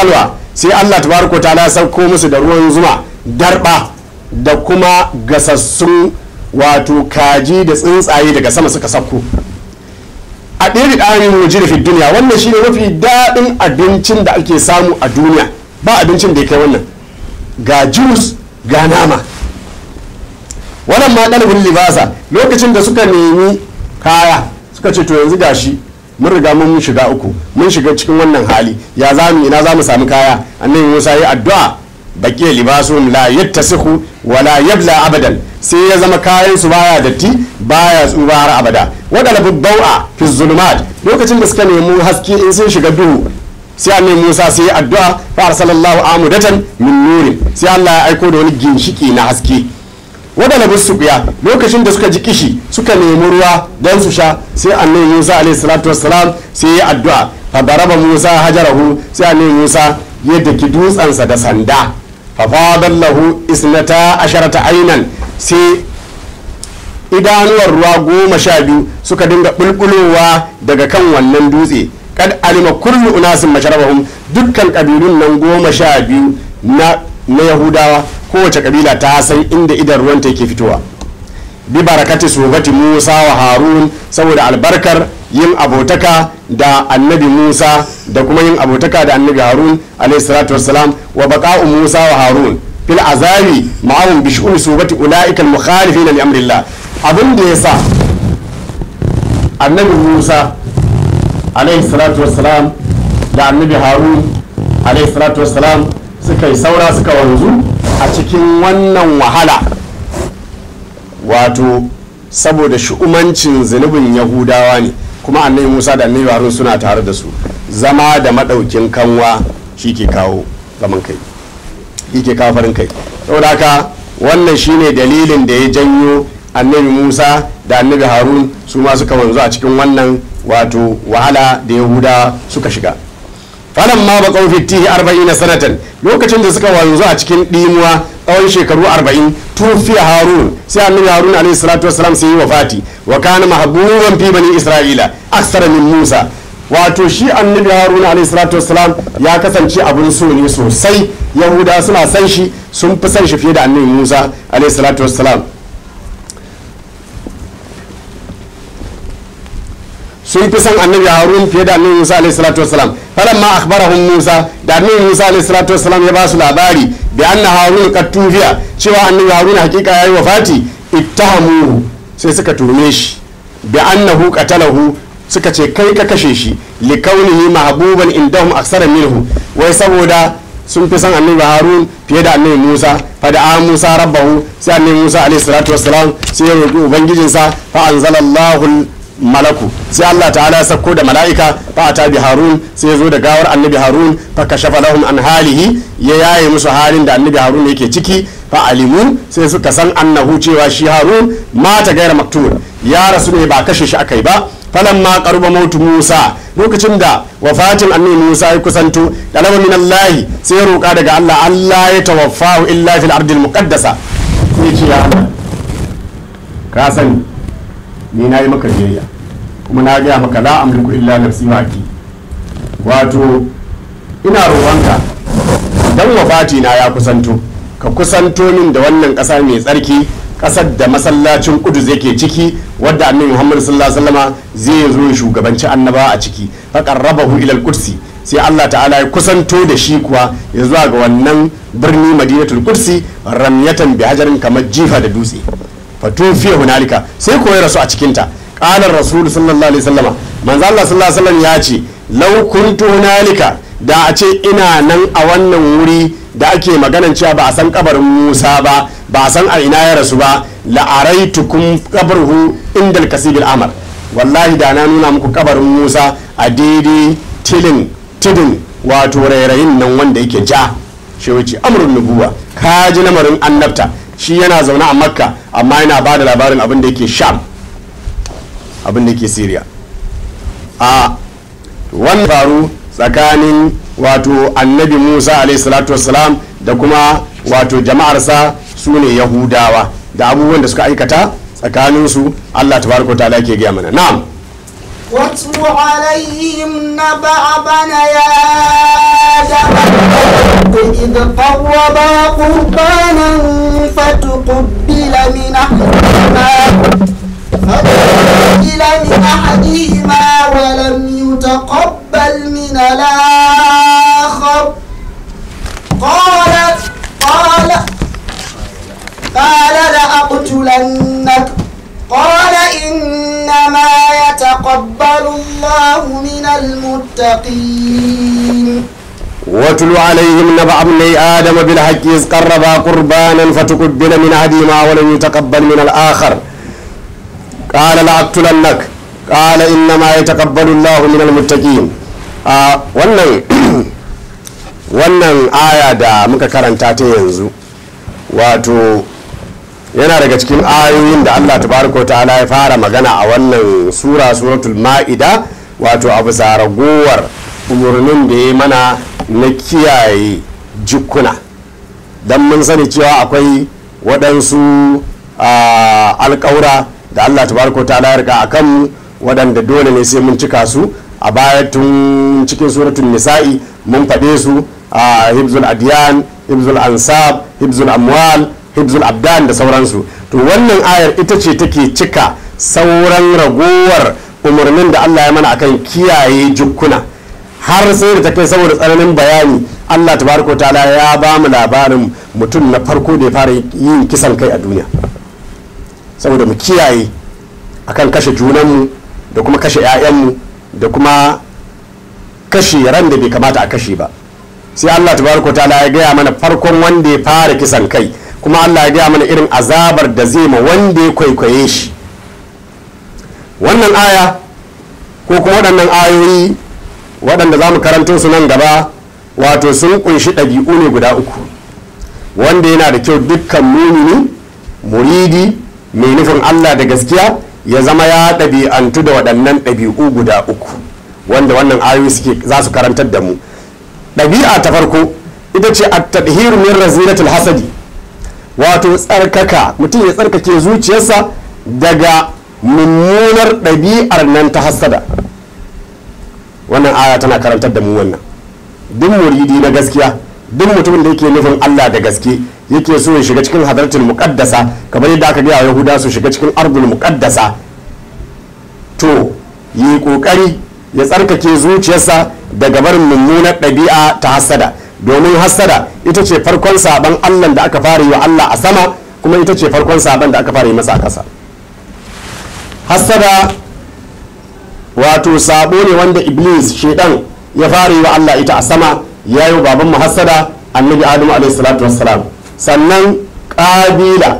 sai Allah tabaraka ta'ala sauko musu da ruwan zuma darba da kuma gasassun wato kaji da tsuntsaye daga sama suka sauko a ɗaya da mujiri fi duniya wannan shine mafi daɗin abincin da ake samu a duniya ba abincin da ya kai wannan ga jus ga nama wannan ma ɗalibin libasa lokacin da suka nemi kaya suka ce to yanzu gashi mun riga mun shiga uku mun shiga cikin wannan hali ya za mu ina za mu samu kaya annabi Musa ya addu'a baqiya libasun la yattasihu wa la yabla abadan sai ya zama kayan su baya datti baya tsuba har abada wadala a fi zulumat lokacin da suka nemi haske in sun shiga duhu sai annabi Musa sai ya addu'a fa arsalallahu amudatan min nurin sai Allah ya aiko da wani ginshiki na haske waɗanda su biya lokacin da suka ji kishi suka nemi ruwa don su sha sai annabi musa alaihi salatu wassalam sai ya addu'a fa daraba musa hajarahu sai annabi musa ya daki dutsen sa da sanda fa fadallahu isnata asharata ainan sai idanuwar ruwa goma sha biyu suka dinga bulbulowa daga kan wannan dutse kad alima kullu unasin masharabahum dukkan kabilun nan goma sha biyu na yahudawa kowace kabila ta san inda idan ta yake fitowa bi barakati sogati musa wa harun saboda albarkar yin abotaka da annabi musa da kuma yin abotaka da annabi harun alayhi salatu wassalam wa baqa'u musa wa harun fil azabi ma'ahum bi shu'un sogati ulaika al mukhalifina li amrillah abin da yasa annabi musa alayhi salatu wassalam da annabi harun alayhi salatu wassalam suka yi saura suka wanzu a cikin wannan wahala wato saboda shu'umancin zunubin yahudawa ne kuma annabi musa da annabi harun suna tare da su zama da maɗaukin kanwa shi ke kawo zaman kai shi ke kawo farin kai saboda haka wannan shine dalilin da ya janyo annabi musa da annabi harun su ma suka wanzu a cikin wannan wato wahala da yahudawa suka shiga falan ma ba kawfi arba'in na sanatan lokacin da suka wayo a cikin dimuwa tsawon shekaru arba'in tufi harun sai annabi harun alaihi salatu salam sai yi wafati wa kana mahbuban fi bani isra'ila aksar min musa wato shi annabi harun alaihi salatu salam ya kasance abun so ne sosai yahuda suna san shi sun fi san shi fiye da annabi musa alaihi salatu salam. sun fi son annabi harun fiye da annabi musa alaihi salatu wasalam falan ma akhbarahum musa da annabi musa alaihi salatu wasalam ya ba su labari bi anna harun qad tufiya cewa annabi harun hakika yayi wafati ittahamuhu sai suka tume shi bi annahu qatalahu suka ce kai ka kashe shi li kaunihi mahbuban indahum aksara minhu wai saboda sun fi son annabi harun fiye da annabi musa fa da musa rabbahu sai annabi musa alaihi salatu wasalam sai ya roki ubangijinsa fa anzalallahu malaku sai Allah ta'ala sauko da mala'ika fa ta bi harun sai zo da gawar annabi harun fa kashafa lahum an halihi ya yaye musu halin da annabi harun yake ciki fa alimu sai suka san annahu cewa shi harun ma ta gaira maktul ya rasu ne ba kashe shi akai ba falan ma karuba mautu musa lokacin da wafatin annabi musa ya kusanto dalaba min allah sai roka daga allah allah ya tawaffahu illa fil ardil muqaddasa sai ya ka sani ni na yi maka biyayya kuma na gaya maka la amliku illa nafsi wa wato ina roƙonka dan wafati na ya kusanto ka kusanto min da wannan ƙasa mai tsarki ƙasar da masallacin kudus yake ciki wadda annabi muhammad sallallahu alaihi wasallama zai zo ya shugabanci annaba a ciki fakar raba ila al-kursi sai Allah ta'ala ya kusanto da shi kuwa ya zuwa ga wannan birni madinatul kursi ramyatan bi hajarin kamar jifa da dutse fatofiya hunalika sai ko ya rasu a cikinta ƙalar rasulu sallallahu alaihi wasallama manzo Allah sallallahu alaihi wasallam ya ce lau kuntu hunalika da a ce ina nan a wannan wuri da ake maganan cewa ba a san kabarin Musa ba ba a san a ina ya rasu ba la'araitukum qabruhu indal kasibil amr wallahi da na nuna muku kabarin Musa a daidai tilin tudun wato rairayin nan wanda yake ja shi wuce amrun nubuwa ka ji lamarin annabta shi yana zaune a makka amma yana ba da labarin abin da yake sham abin da yake syria a wannan faru tsakanin wato annabi musa alaihi salatu wassalam da kuma wato jama'arsa su ne yahudawa da abubuwan da suka aikata tsakaninsu allah tabaraka ta'ala ke gaya mana na'am واتل عليهم نبع بني آدم إذ قربا قربانا فتقبل من أحدهما فتقبل من أحدهما ولم يتقبل من الآخر قال قال قال لأقتلنك قال إنما يتقبل الله من المتقين واتل عليهم نبع ابني آدم بالحق إذ قربا قربانا فتقبل من أحدهما ولم يتقبل من الآخر قال لا لأقتلنك قال إنما يتقبل الله من المتقين آه wannan wannan aya da muka karanta ta yanzu wato yana daga cikin ayoyin da allah tabaraka ta'ala ya fara magana a wannan sura suratul ma'ida wato a bisa ragowar umarnin da ya mana na kiyaye jikuna don mun sani cewa akwai waɗansu alƙaura da allah tabaraka ta'ala ya rika a kanmu waɗanda dole ne sai mun cika su a baya tun cikin suratun nisa'i mun faɗe su a hibzul adiyan hibzul ansab hibzul amwal hibzul abdan da sauransu to wannan ayar ita ce take cika sauran ragowar umarnin da Allah ya mana akan kiyaye jukkuna har sai da take saboda tsananin bayani Allah tabaraka ta'ala ya ba mu labarin mutum na farko da ya fara yin kisan kai a duniya saboda mu kiyaye akan kashe junanmu da kuma kashe 'ya'yanmu da kuma kashe ran da bai kamata a kashe ba sai Allah tabaraka ta'ala ya gaya mana farkon wanda ya fara kisan kai kuma allah ya gaya mana irin azabar da zai ma wanda ya kwaikwaye shi wannan aya ko kuma waɗannan ayoyi waɗanda za mu karanta su nan gaba wato sun kunshi ɗabi'u ne guda uku wanda yana da kyau dukkan mumini muridi mai nufin allah da gaskiya ya zama ya ɗabi'antu da waɗannan ɗabi'u guda uku wanda wannan ayoyi suke za su karantar da mu ɗabi'a ta farko ita ce a tadhiru min razilatul hasadi wato tsarkaka mutum ya tsarkake zuciyarsa daga mummunar ɗabi'ar nan ta hassada wannan aya tana karantar da mu wannan duk muridi na gaskiya duk mutumin da yake nufin Allah da gaske yake so ya shiga cikin hadartul muqaddasa kamar yadda aka gaya yahuda su shiga cikin ardul muqaddasa to yi kokari ya tsarkake zuciyarsa daga barin mummunar ɗabi'a ta hassada domin hassada ita ce farkon saban Allah da aka fara yi wa Allah a sama kuma ita ce farkon saban da aka fara yi masa a kasa hassada wato sabo ne wanda iblis shedan ya fara yi wa Allah ita a sama ya yi baban mu hassada annabi adamu alaihi salatu wassalam sannan kabila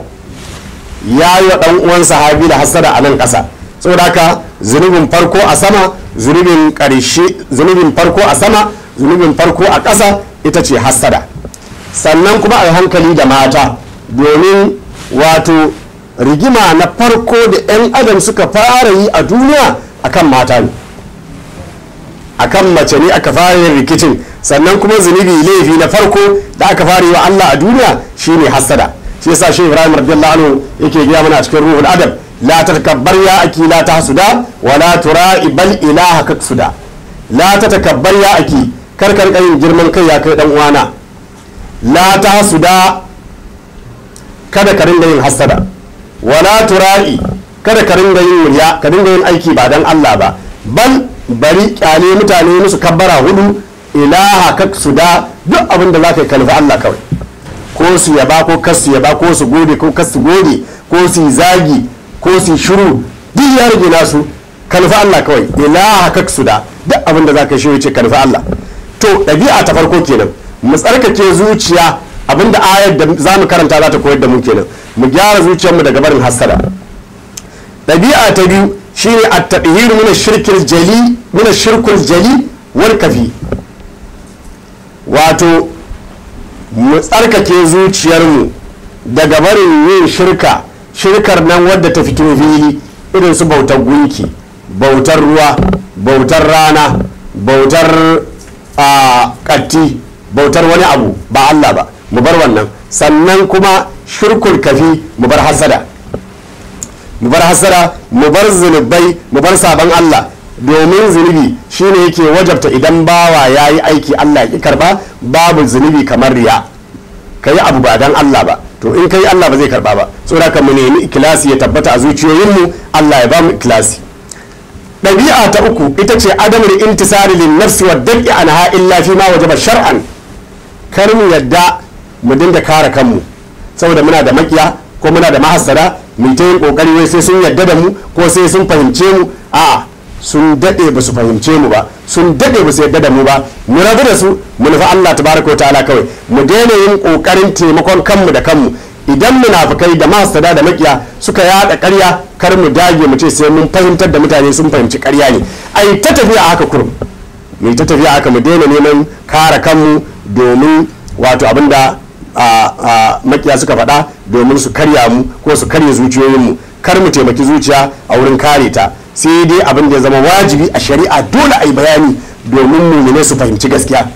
ya yi wa dan uwansa habila hassada a nan ƙasa saboda haka zunubin farko a sama zunubin karshe zunubin farko a sama zunubin farko a ƙasa ita ce hassada sannan kuma a hankali da mata domin wato rigima na farko da 'yan adam suka fara yi a duniya akan mata ne akan mace ne aka fara yin rikicin sannan kuma zunubi laifi na farko da aka fara yi wa Allah a duniya shine hassada shi yasa shi Ibrahim radiyallahu anhu yake gaya mana cikin ruhul adam la takabbar ya aki la hasuda wa la tura'i bal ilaha kaksuda la takabbar ya aki karkar kayin girman kai ya kai dan uwana la ta da kada ka ringa yin hasada wala tura'i kada ka ringa yin murya ka ringa yin aiki ba dan Allah ba bal bari kyale mutane musu kabbara hudu ilaha ka su da duk abin da zaka kalfa Allah kawai ko su yaba ko kas su yaba ko su gode ko kas su gode ko su zagi ko su shiru duk ya rage nasu kalfa Allah kawai ilaha ka su da duk abin da zaka shi ce kalfa Allah to ɗabi'a ta farko kenan mu tsarkake zuciya abinda ayar da za mu karanta za ta koyar da mu kenan mu gyara zuciyarmu daga barin hassada ɗabi'a ta biyu shine a tahiru muna shirkin jali muna jali wato mu tsarkake zuciyarmu daga barin yin shirka shirkar nan wadda ta fito fili irin su bautar gunki bautar ruwa bautar rana bautar a ƙatti bautar wani abu ba Allah ba mu bar wannan sannan kuma shirkul kafi mu bar hasada mu bar hasada mu bar zunubai mu bar sabon Allah domin zunubi shine yake wajabta idan bawa ya yi aiki Allah ya ki karba babu zunubi kamar riya ka abu ba dan Allah ba to in ka yi Allah ba zai karba ba saboda mu nemi ikilasi ya tabbata a zuciyoyinmu Allah ya ba mu ikilasi ɗabi'a ta uku ita ce adamul intisari lin nafsi wa dal'i anha illa fi ma wajaba shar'an kar mu yadda mu dinga kare kanmu saboda muna da makiya ko muna da mahassara mu ta yin kokari wai sai sun yadda da mu ko sai sun fahimce mu a sun dade ba su fahimce mu ba sun daɗe ba su yadda da mu ba mu rabu da su mu nufi Allah tabaraka wa ta'ala kawai mu daina yin kokarin taimakon kanmu da kanmu idan munafukai da masu masada da makiya suka yada karya kar mu dage mu ce sai mun fahimtar da mutane sun fahimci karya ne ai ta tafiya haka kurum mai ta tafiya haka mu daina neman kare kanmu domin wato abinda a makiya suka faɗa domin su karya mu ko su karya zuciyoyinmu kar mu taimaki zuciya a wurin kare ta sai dai abin da ya zama wajibi a shari'a dole a yi bayani domin ne su fahimci gaskiya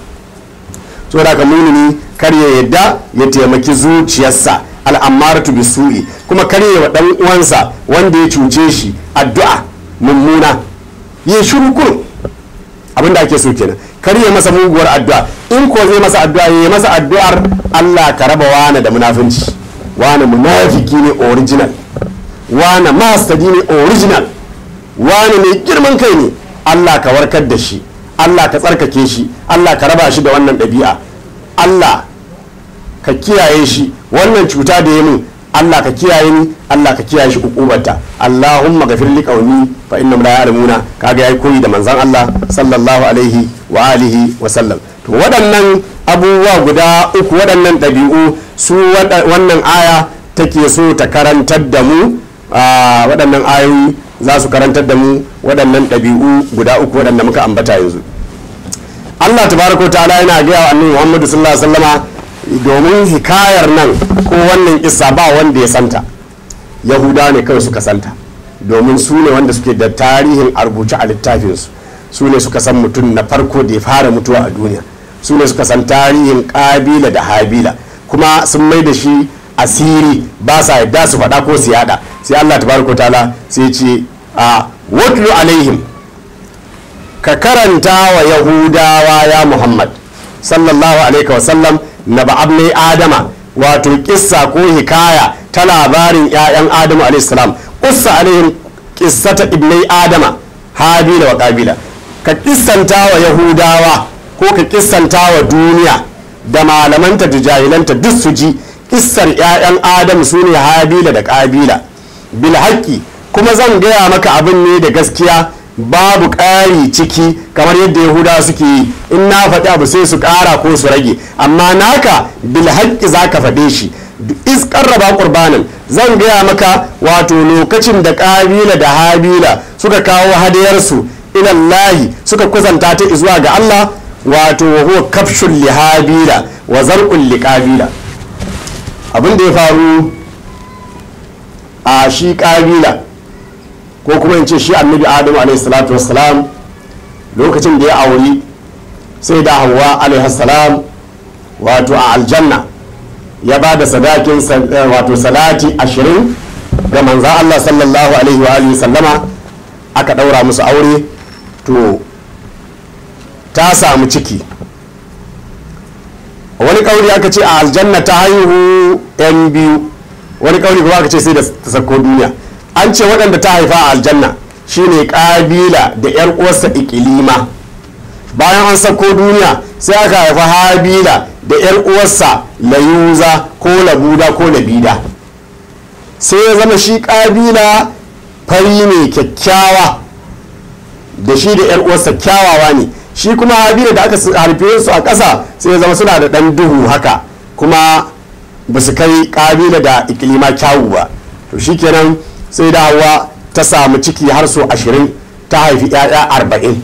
saboda ka ne kar ya yadda ya taimaki zuciyarsa al'ammaratu bisu'i kuma wa dan uwansa wanda ya cuce shi addu'a mummuna ya shiru kurun abin ake so kenan karye masa muguwar addu'a in ko zai masa addu'a ya masa addu'ar Allah ka raba wani da munafunci wani munafiki ne original wani mastadi ne original wani mai girman kai ne Allah ka warkar da shi Allah ka tsarkake shi Allah ka raba shi da wannan ɗabi'a Allah ka kiyaye shi wannan cuta da ya min Allah ka kiyaye ni Allah ka kiyaye shi ukubarta Allahumma ghafir li qaumi fa innahum la ya'lamuna kaga yayi koyi da manzan Allah sallallahu alaihi wa alihi wa sallam to waɗannan abubuwa guda uku waɗannan ɗabi'u su wannan aya take so ta karantar da mu ah, waɗannan ayoyi za su karantar da mu waɗannan ɗabi'u guda uku waɗanda muka ambata yanzu Allah tabaraka ta'ala yana gaya wa annabi Muhammad sallallahu alaihi wasallama domin hikayar nan ko wannan isa ba wanda ya santa yahuda ne kawai suka santa domin su ne wanda suke da tarihin arbuci a littafinsu su ne suka san mutum na farko da ya fara mutuwa a duniya su ne suka san tarihin kabila da habila kuma sun mai da shi asiri ba sa yadda su faɗa ko su yada sai allah tabaraka ta'ala sai ce a watlu alaihim ka karanta wa yahudawa ya muhammad sallallahu alaihi wasallam na ba'abnai adama wato kissa ko hikaya ta labarin 'ya'yan adamu alaihi salam ussa kissata ibnai adama habila wa kabila ka kissanta wa yahudawa ko ka kissanta wa duniya da malamanta da jahilanta duk su ji kissar 'ya'yan adam su ne habila da ƙabila. bil haƙƙi kuma zan gaya maka abin ne da gaskiya babu ƙari ciki kamar yadda yahuda suke yi in na faɗi abu sai su ƙara ko su rage amma naka bil za ka faɗe shi is ƙarraba ƙurbanin zan gaya maka wato lokacin da ƙabila da habila suka kawo hadayarsu ilallahi suka kusanta ta zuwa ga allah wato wa huwa li habila wa zar'un li ƙabila abin da ya faru a shi ƙabila ko kuma in ce shi annabi adamu alaihi salatu wassalam lokacin da ya auri sai da hawa alaihi salam wato a aljanna ya ba da sadakin eh, wato salati ashirin ga manzan allah sallallahu alaihi wa alihi sallama aka daura musu aure to ta samu ciki wani kauri aka ce a aljanna ta haihu yan biyu wani kauri kuma aka ce sai da ta sako duniya an ce waɗanda ta haifa a aljanna shine kabila da yar uwarsa ikilima bayan an sako duniya sai aka haifa habila da yar uwarsa layuza ko labuda ko labida sai ya zama shi kabila fari ne kyakkyawa da shi da yar uwarsa kyawawa ne shi kuma habila da aka harfe su a ƙasa sai ya zama suna da ɗan duhu haka kuma ba su kai kabila da ikilima kyawu ba to shi shikenan sai da hawa ta samu ciki har so ashirin ta haifi 'ya'ya arba'in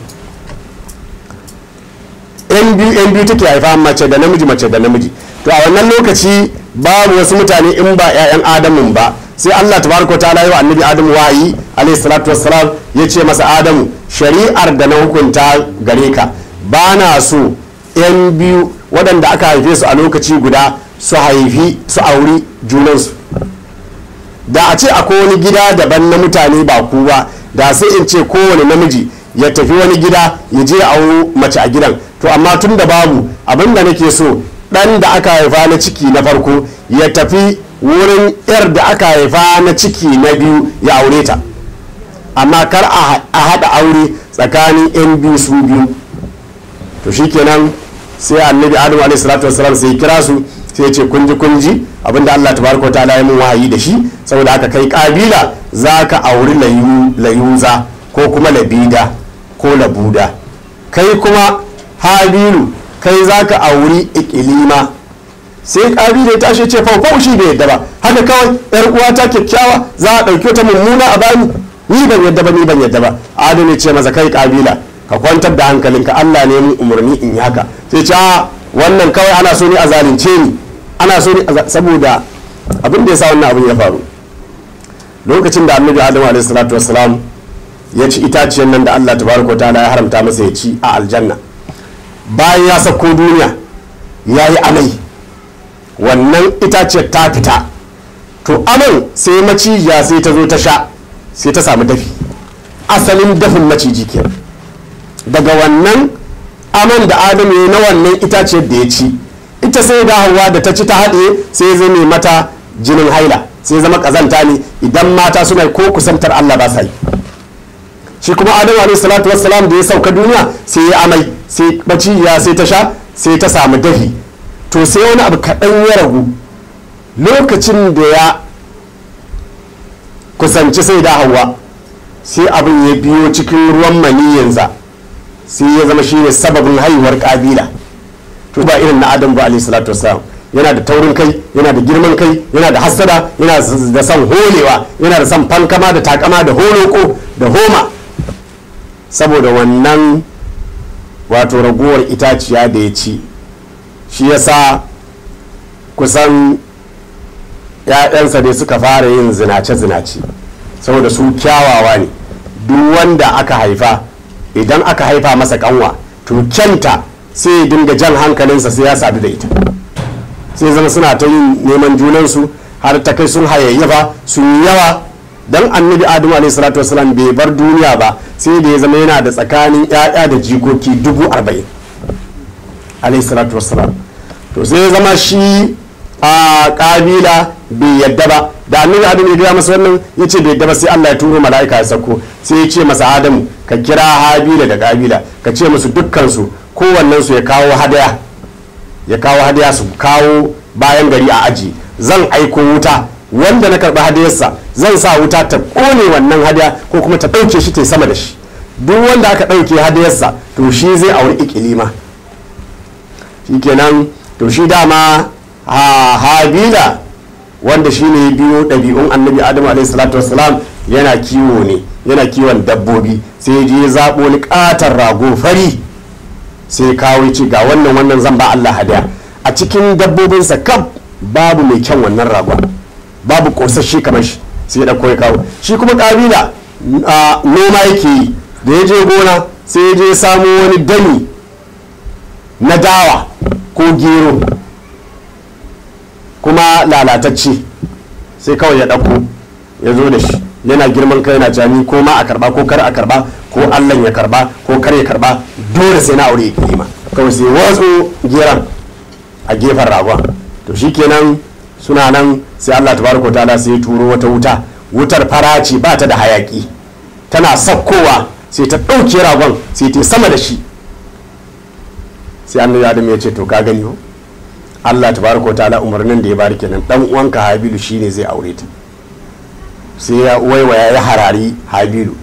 yan biyu yan biyu take haifa mace da namiji mace da namiji to a wannan lokaci babu wasu mutane in ba 'ya'yan adamun ba sai allah ta barko ta yi annabi adamu wayi alayhi salatu wassalam ya ce masa adamu shari'ar da na hukunta gare ka ba na so yan biyu waɗanda aka haife su a lokaci guda su haifi su auri junansu da a ce akwai wani gida daban na mutane ba ku ba da sai in ce kowane namiji ya tafi wani gida ya je a mace a gidan to amma tun da babu abin da nake so dan da aka haifa na ciki na farko ya tafi wurin yar da aka haifa na ciki na biyu ya aure ta amma kar a haɗa aure tsakanin yan biyu su biyu to shikenan sai annabi adamu alaihi salatu sai kira su sai ce kunji kunji abinda Allah tabaraka wa ta'ala ya mun wahayi da shi saboda haka kai kabila za ka auri layuza ko kuma labida ko labuda kai kuma habilu kai za ka auri ikilima sai kabila ya tashi ce fau shi bai yadda ba haka kawai yar uwata kyakkyawa za a ɗauki wata mummuna a bani ni ban yadda ba ni ban yadda ba ce maza kai kabila ka kwantar da hankalin ka. allah ne mun umarni in yi haka sai ce ah, wannan kawai ana so ne a zalunce ni ana so ne saboda abin da ya sa wannan abin ya faru lokacin da annabi adam alaihi salatu wassalam ya ci itaciyar nan da Allah tabaraka ta'ala ya haramta masa ya ci a aljanna bayan ya sako duniya ya yi amai wannan itaciyar ta fita to aman sai macijiya sai ta zo ta sha sai ta samu dafi asalin dafin maciji ke daga wannan aman da adam ya na wannan itaciyar da ya ci ita sai da hawa da ta ci ta haɗe sai zai mata jinin haila sai zama kazanta ne idan mata suna ko kusantar Allah ba sa yi shi kuma adamu alaihi salatu wassalam da ya sauka duniya sai ya amai sai baci ya sai ta sha sai ta samu dahi to sai wani abu kaɗan ya ragu lokacin da ya kusanci sai da hawa sai abin ya biyo cikin ruwan yanzu sai ya zama shi ne sababin haihuwar kabila to ba irin na adam ba alaihi salatu wassalam yana da taurin kai yana da girman kai yana da hassada yana da son holewa yana da son fankama da takama da holoko da homa saboda wannan wato ragowar itaciya da ya ci shi yasa kusan ‘ya'yansa ne suka fara yin zinace-zinace saboda su kyawawa ne duk wanda aka haifa idan aka haifa masa kanwa to kyanta sai dinga jan hankalinsa sai ya sadu da ita sai zama suna ta yin neman junansu har ta kai sun hayayyafa sun yi yawa dan annabi adamu alaihi salatu wasalam bai bar duniya ba sai da ya zama yana da tsakanin ya'ya da jikoki dubu arba'in alaihi salatu wasalam to sai zama shi a kabila bai yadda ba da annabi adamu ya gaya masa wannan ya ce bai yadda ba sai allah ya turo mala'ika ya sauko sai ya ce masa adamu ka kira habila da kabila ka ce musu dukkansu kowannensu ya kawo hadaya ya kawo hadiya su kawo bayan gari a aji zan aiko wuta wanda na karɓi hadiyarsa zan sa wuta ta kone wannan hadiya ko kuma ta ɗauke shi ta sama da shi duk wanda aka ɗauke hadiyarsa to shi zai auri ikilima kenan to shi dama a habila wanda shi ne biyo ɗabi'un annabi adamu alaihi yana kiwo ne yana kiwon dabbobi sai je zaɓo ni ƙatar rago fari sai kawo ce ga wannan wannan zan ba Allah hadiya a cikin dabbobinsa kaf babu mai kyan wannan ragwa babu kosashe kamar shi sai da ya kawo shi kuma kabila noma yake yi da ya je gona sai ya je samo wani dami na dawa ko gero kuma lalatacce sai kawai ya ɗauko ya zo da shi yana girman kai yana jami ko ma a karba ko kar a karba ko allah ya karba ko kar ya karba dole sai na aure ya kima kawai sai watsu geran a gefen ragon to shikenan suna nan sai Allah tabaraka ta'ala sai ya turo wata wuta wutar fara ce ba ta da hayaki tana sakkowa sai ta ɗauke ragon sai ta sama da shi sai annabi adam ya ce to ka gani ho Allah tabaraka ta'ala umarnin da ya bari kenan dan uwanka Habilu shine zai aure ta sai ya waiwaya ya harari Habilu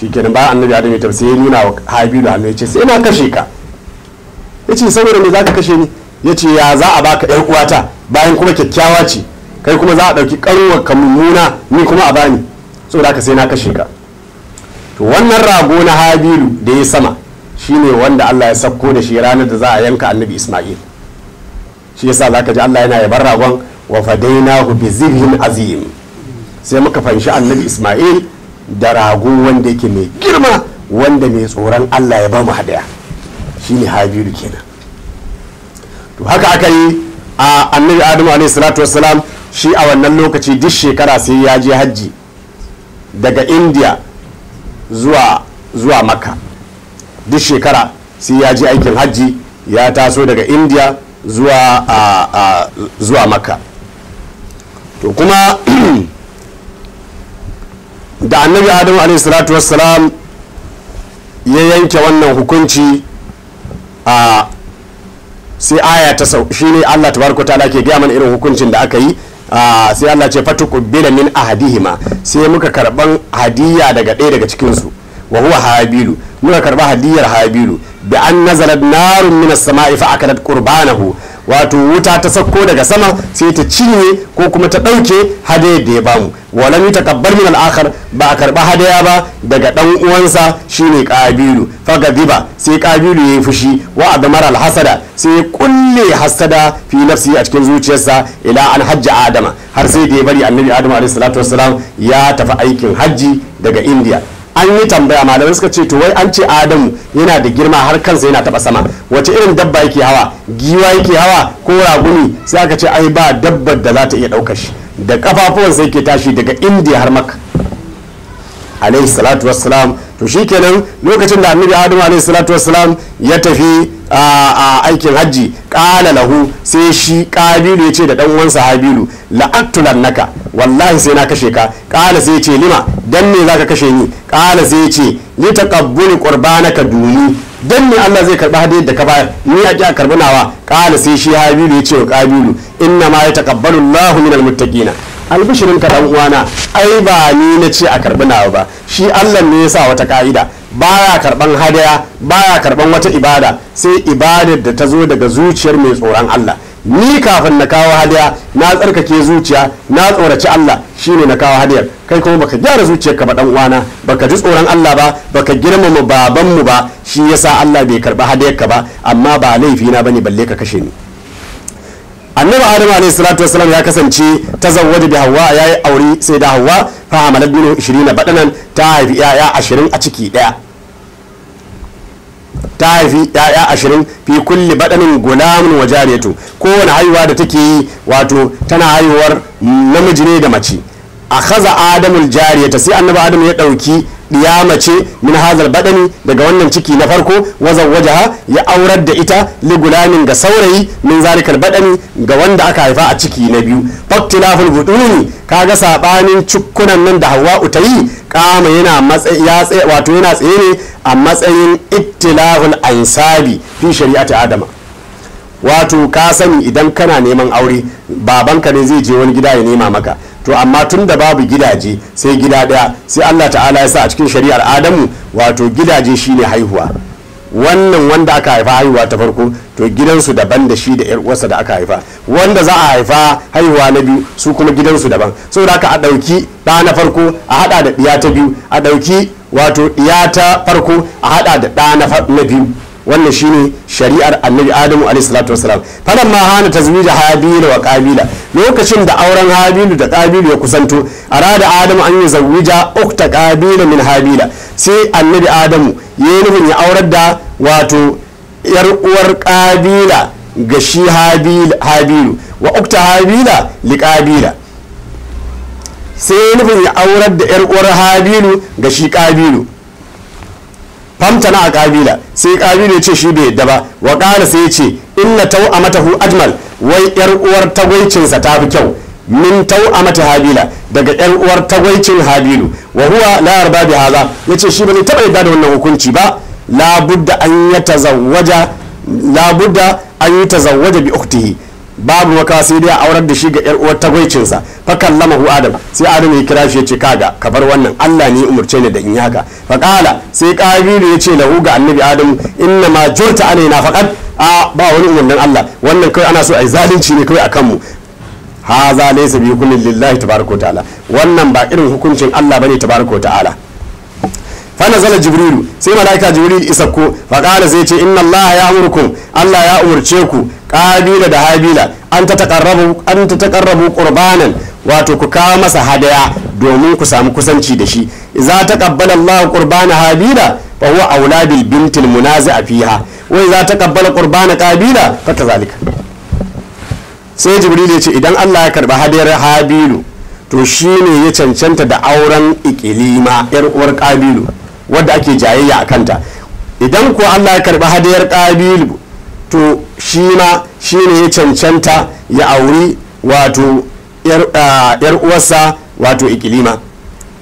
shikenan ba annabi adam ya tafi sai ya nuna wa habilu hannu ya ce sai na kashe ka ya ce saboda me za ka kashe ni ya ce ya za a baka yar uwata bayan kuma kyakkyawa ce kai kuma za a ɗauki ƙarwar ka mummuna ni kuma a bani saboda ka sai na kashe ka to wannan rago na habilu da ya sama shine wanda Allah ya sakko da shi ranar da za a yanka annabi Ismail shi yasa ka ji Allah yana yabar ragon wa fadainahu bi zibhin azim sai muka fanshi annabi Ismail da rago wanda yake mai girma wanda mai tsoron allah ya ba mu hadaya ne habiru kenan to haka aka yi a annabi adamu alaihi salatu wassalam shi a wannan lokaci duk shekara sai ya je hajji daga india zuwa zuwa makka duk shekara sai ya je aikin hajji ya taso daga india zuwa zuwa makka to kuma da annabi adamu alaihi wassalam ya yanke wannan hukunci a sai aya ta sau shi ne Allah ta ta'ala ke gaya mana irin hukuncin da aka yi sai Allah ce fatu kubbila min ahadihima sai muka karban hadiyya daga ɗaya daga cikinsu su wa huwa habilu muka karba hadiyar habilu bi an nazarar narun min as-sama'i fa akadat qurbanahu wato wuta ta sauko daga sama sai ta cinye ko kuma ta ɗauke hadayar da ya bamu walami ta kabbar min al'akar ba a karɓi hadaya ba daga ɗan uwansa shine ƙabilu ba sai kabilu ya yi fushi wa mara alhasada sai ya kulle hasada fi nafsi a cikin zuciyarsa ila an hajji adama har sai da ya bari annabi adama alaihi ya tafi aikin hajji daga india. an yi tambaya malamai suka ce to wai an ce adamu yana da girma har kansa yana taba sama wace irin dabba yake hawa giwa yake hawa ko raguni sai aka ce ai ba dabbar da za ta iya ɗaukar shi da kafafuwan sai ke tashi daga indiya har maka alaihi salatu wassalam to shikenan lokacin da annabi adamu alaihi salatu wassalam ya tafi a aikin hajji ƙala lahu sai shi kabilu ya ce da ɗan uwansa habilu la'attulan naka wallahi sai na kashe ka kala sai ce lima dan za zaka kashe ni kala sai ce li taqabbuli qurbanaka duni dan ne Allah zai karba hadiyar da ka bayar ni a ki karbi nawa sai shi habilu ya ce wa ƙabilu inna ma ya taqabbalu Allahu minal muttaqina albishirin ka dan uwana ai ba ni na ce a karbi nawa ba shi Allah ne ya sa wata ka'ida baya karban hadaya baya karban wata ibada sai ibadar da ta zo daga zuciyar mai tsoron Allah ni kafin na kawo hadaya na tsarkake zuciya na tsoraci Allah shine na kawo hadiyar kai kuma baka gyara zuciyarka ba dan uwana baka ji tsoron Allah ba baka girmama babanmu ba shi yasa Allah bai karba hadiyarka ba amma ba laifi na bane balle ka kashe ni annabi adam alayhi salatu wasalam ya kasance tazawwaja bi hawa yayi aure sai da hawa fa hamalat minhu 20 badanan ta haifi yaya 20 a ciki daya ta haifi yaya 20 fi kulli badanin gulamun wa jariyatu kowane haihuwa da take yi wato tana haihuwar namiji ne da mace a kaza adamul jariyata sai annabi adamu ya ɗauki mace min hazal badani daga wannan ciki na farko wazan wajaha ya aurar da ita ligulamin ga saurayi min zalikal badani ga wanda aka haifa a ciki na biyu fatilaful buduni kaga sabanin cukkunan nan da hawa ta kama yana matsayi wato yana tsaye ne a matsayin ittilahul ansabi fi shari'ati adama wato ka sani idan kana neman aure babanka ne zai je wani gida ya nema maka to amma tun da babu gidaje sai gida daya sai Allah ta'ala ya sa a cikin shari'ar Adamu wato gidaje shine haihuwa wannan wanda aka haifa haihuwa ta farko to gidansu daban da shi da yar uwarsa da aka haifa wanda za a haifa haihuwa na biyu su kuma gidansu daban saboda haka a dauki ɗa na farko a hada da ɗiya ta biyu a dauki wato ɗiya ta farko a hada da ɗa na biyu wannan shine shari'ar annabi adamu alaihi salatu wasalam falan ma hana tazwija habila wa qabila lokacin da auren habilu da qabilu ya kusanto arada adamu an yuzawwija ukta qabila min habila sai annabi adamu ya nufin ya aurar da wato yar uwar qabila ga shi habilu wa ukta habila li qabila sai nufin ya aurar da yar uwar habilu ga shi qabilu famtana a kabila sai kabila ya ce shi bai yadda ba wa sai yace ce inna tau a mata hu ajmal wai yar uwar tagwaicinsa ta fi kyau min tau a mata habila daga yar uwar tagwaicin habilu wa huwa la yarda bi ya yace shi bai taba yadda da wannan hukunci ba la budda an yi la budda an bi ukhtihi babu maka sai dai aurar da shi ga yar uwar tagwaicinsa fa kallamahu adam sai adam ya kira shi ya ce kaga ka bar wannan Allah ne umurce ni da in haka fa kala sai qabilu ya ce lahu ga annabi adam inna ma jurta alaina faqat a ba wani umurnin Allah wannan kai ana so ai zalunci ne kai akan mu haza laysa bi kulli lillahi tabaaraka ta'ala wannan ba irin hukuncin Allah bane tabaaraka ta'ala fa zala jibrilu sai malaika jibril ko. fa qala zai ce inna allaha ya'murukum allah ya umurce ku Ƙabila da habila an ta taqarrabu an ta qurbanan wato ku kawo masa hadaya domin ku samu kusanci da shi idza taqabbala allah qurbana habila fa huwa aula bintil munazi'a fiha wa idza taqabbala qurbana qabila fa kazalika sai jibril ya ce idan allah ya karba hadayar habilu to shine ya cancanta da auren ikilima yar uwar kabilu wadda ake jayayya a kanta idan ko allah ya karbi hadiyar ƙabilu to shi ma shi ne ya cancanta ya auri wato yar uwarsa wato ikilima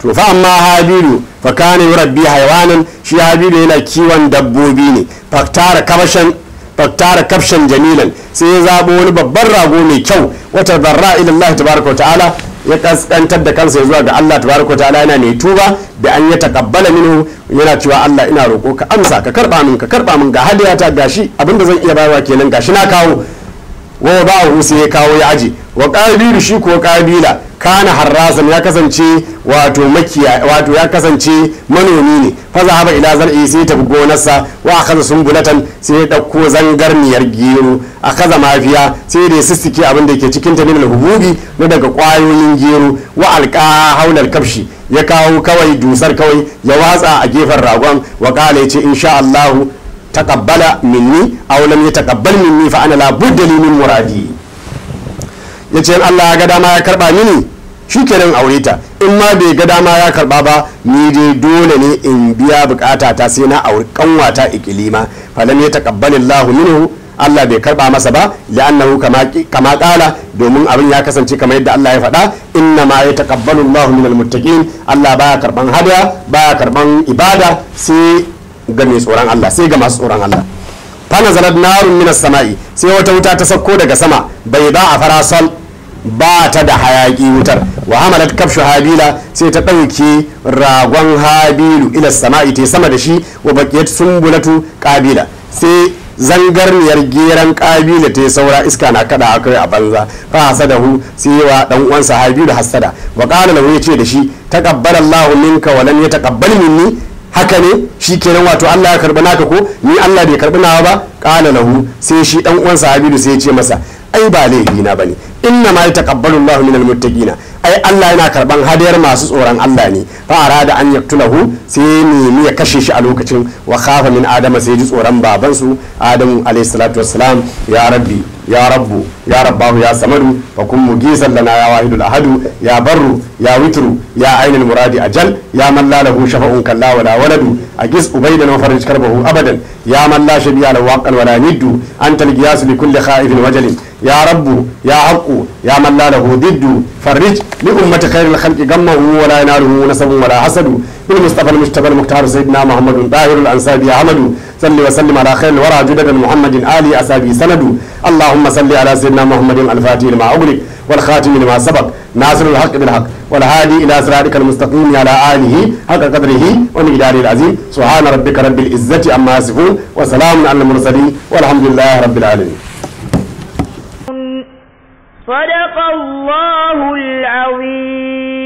to fa amma habilu fa kana rabbi haywanan shi habilu yana kiwon dabbobi ne faktara kabashan faktara kafshan jamilan sai ya zabo wani babban rago mai kyau wata barra ila Allah tabaraka ta'ala ya kaskantar da kansa zuwa ga Allah tabaraka ta'ala yana ne tuba da an ya takabbala minhu yana cewa Allah ina roko ka amsa ka karba min ka karba min ga hadiyata gashi abinda zan iya bayarwa kenan gashi na kawo wa ba'u sai ya kawo ya aji wa ƙabilu shi ko ƙabila kana harrasan ya kasance wato makiya wato ya kasance manomi ne fa zahaba ila zar'i sai tafi gonarsa wa akhadha sumbulatan sai ya dauko zangarniyar gero kasa mafiya sai da ya sissike abin da ke cikin ta min hububi na daga kwayoyin gero wa alqa haulal kafshi ya kawo kawai dusar kawai ya watsa a gefen ragon wa kala yace insha Allah taqabbala minni aw lam yataqabbal minni fa ana la budda min muradi ya ce Allah ya ga dama ya karba mini shi kenan aure ta in ma bai ga dama ya karba ba ni dai dole ne in biya bukata ta sai na aure kanwata ikilima falam ya lahu minhu Allah bai karba masa ba li'annahu kama kama kala domin abin ya kasance kamar yadda Allah ya faɗa inna ma ya taqabbalu lahu minal muttaqin Allah baya karban hadiya baya karban ibada sai ga mai tsoron Allah sai ga masu tsoron Allah fa nazalat narun minas sama'i sai wata wuta ta sauko daga sama bai ba a farasal ba ta da hayaki wutar wa hamalat kafshu habila sai ta ɗauke ragon habilu ila sama'i ta sama da shi wa baqiyat sumbulatu ƙabila sai zangarniyar geran ƙabila ta saura iska na kaɗa akai a banza fa hu sai wa dan uwansa habilu hasada wa qala lahu yace da shi taqabbala Allahu minka wa lam yataqabbal minni haka ne shi kenan wato Allah ya karbi naka ko ni Allah bai karbi nawa ba qala lahu sai shi ɗan'uwansa uwansa habilu sai ya ce masa ai ba laifi na bane inna ma yataqabbalu Allahu minal muttaqina ai Allah yana karban hadiyar masu tsoron Allah ne fa arada an yaktulahu sai mu ya kashe shi a lokacin wa khafa min adama sai ji tsoron baban su Adamu alayhi salatu wassalam ya rabbi ya rabbu ya rabbahu ya samadu fa kun mugisan lana ya wahidul ahadu ya barru ya witru ya ainul muradi ajal ya man la lahu shafa'un kalla wala waladu agis ubaydan wa farij karbahu abadan ya man la shabiya lahu wala niddu antal giyasu li kulli khaifin wajalin ya rabbu ya haqqu ya malla la lahu diddu farrij li ummati khairil khalqi gammahu wa la yanaluhu nasabun wa la hasadu bil mustafa al mustafa al muhtar salli wa sallim ala khairil wara muhammadin ali asabi sanadu allahumma salli ala sayyidina muhammadin al fatih والهادي الى صراطك المستقيم على اله حق قدره ومقداره العزيز سبحان ربك رب العزه يصفون وسلام على المرسلين والحمد لله رب العالمين صدق الله العظيم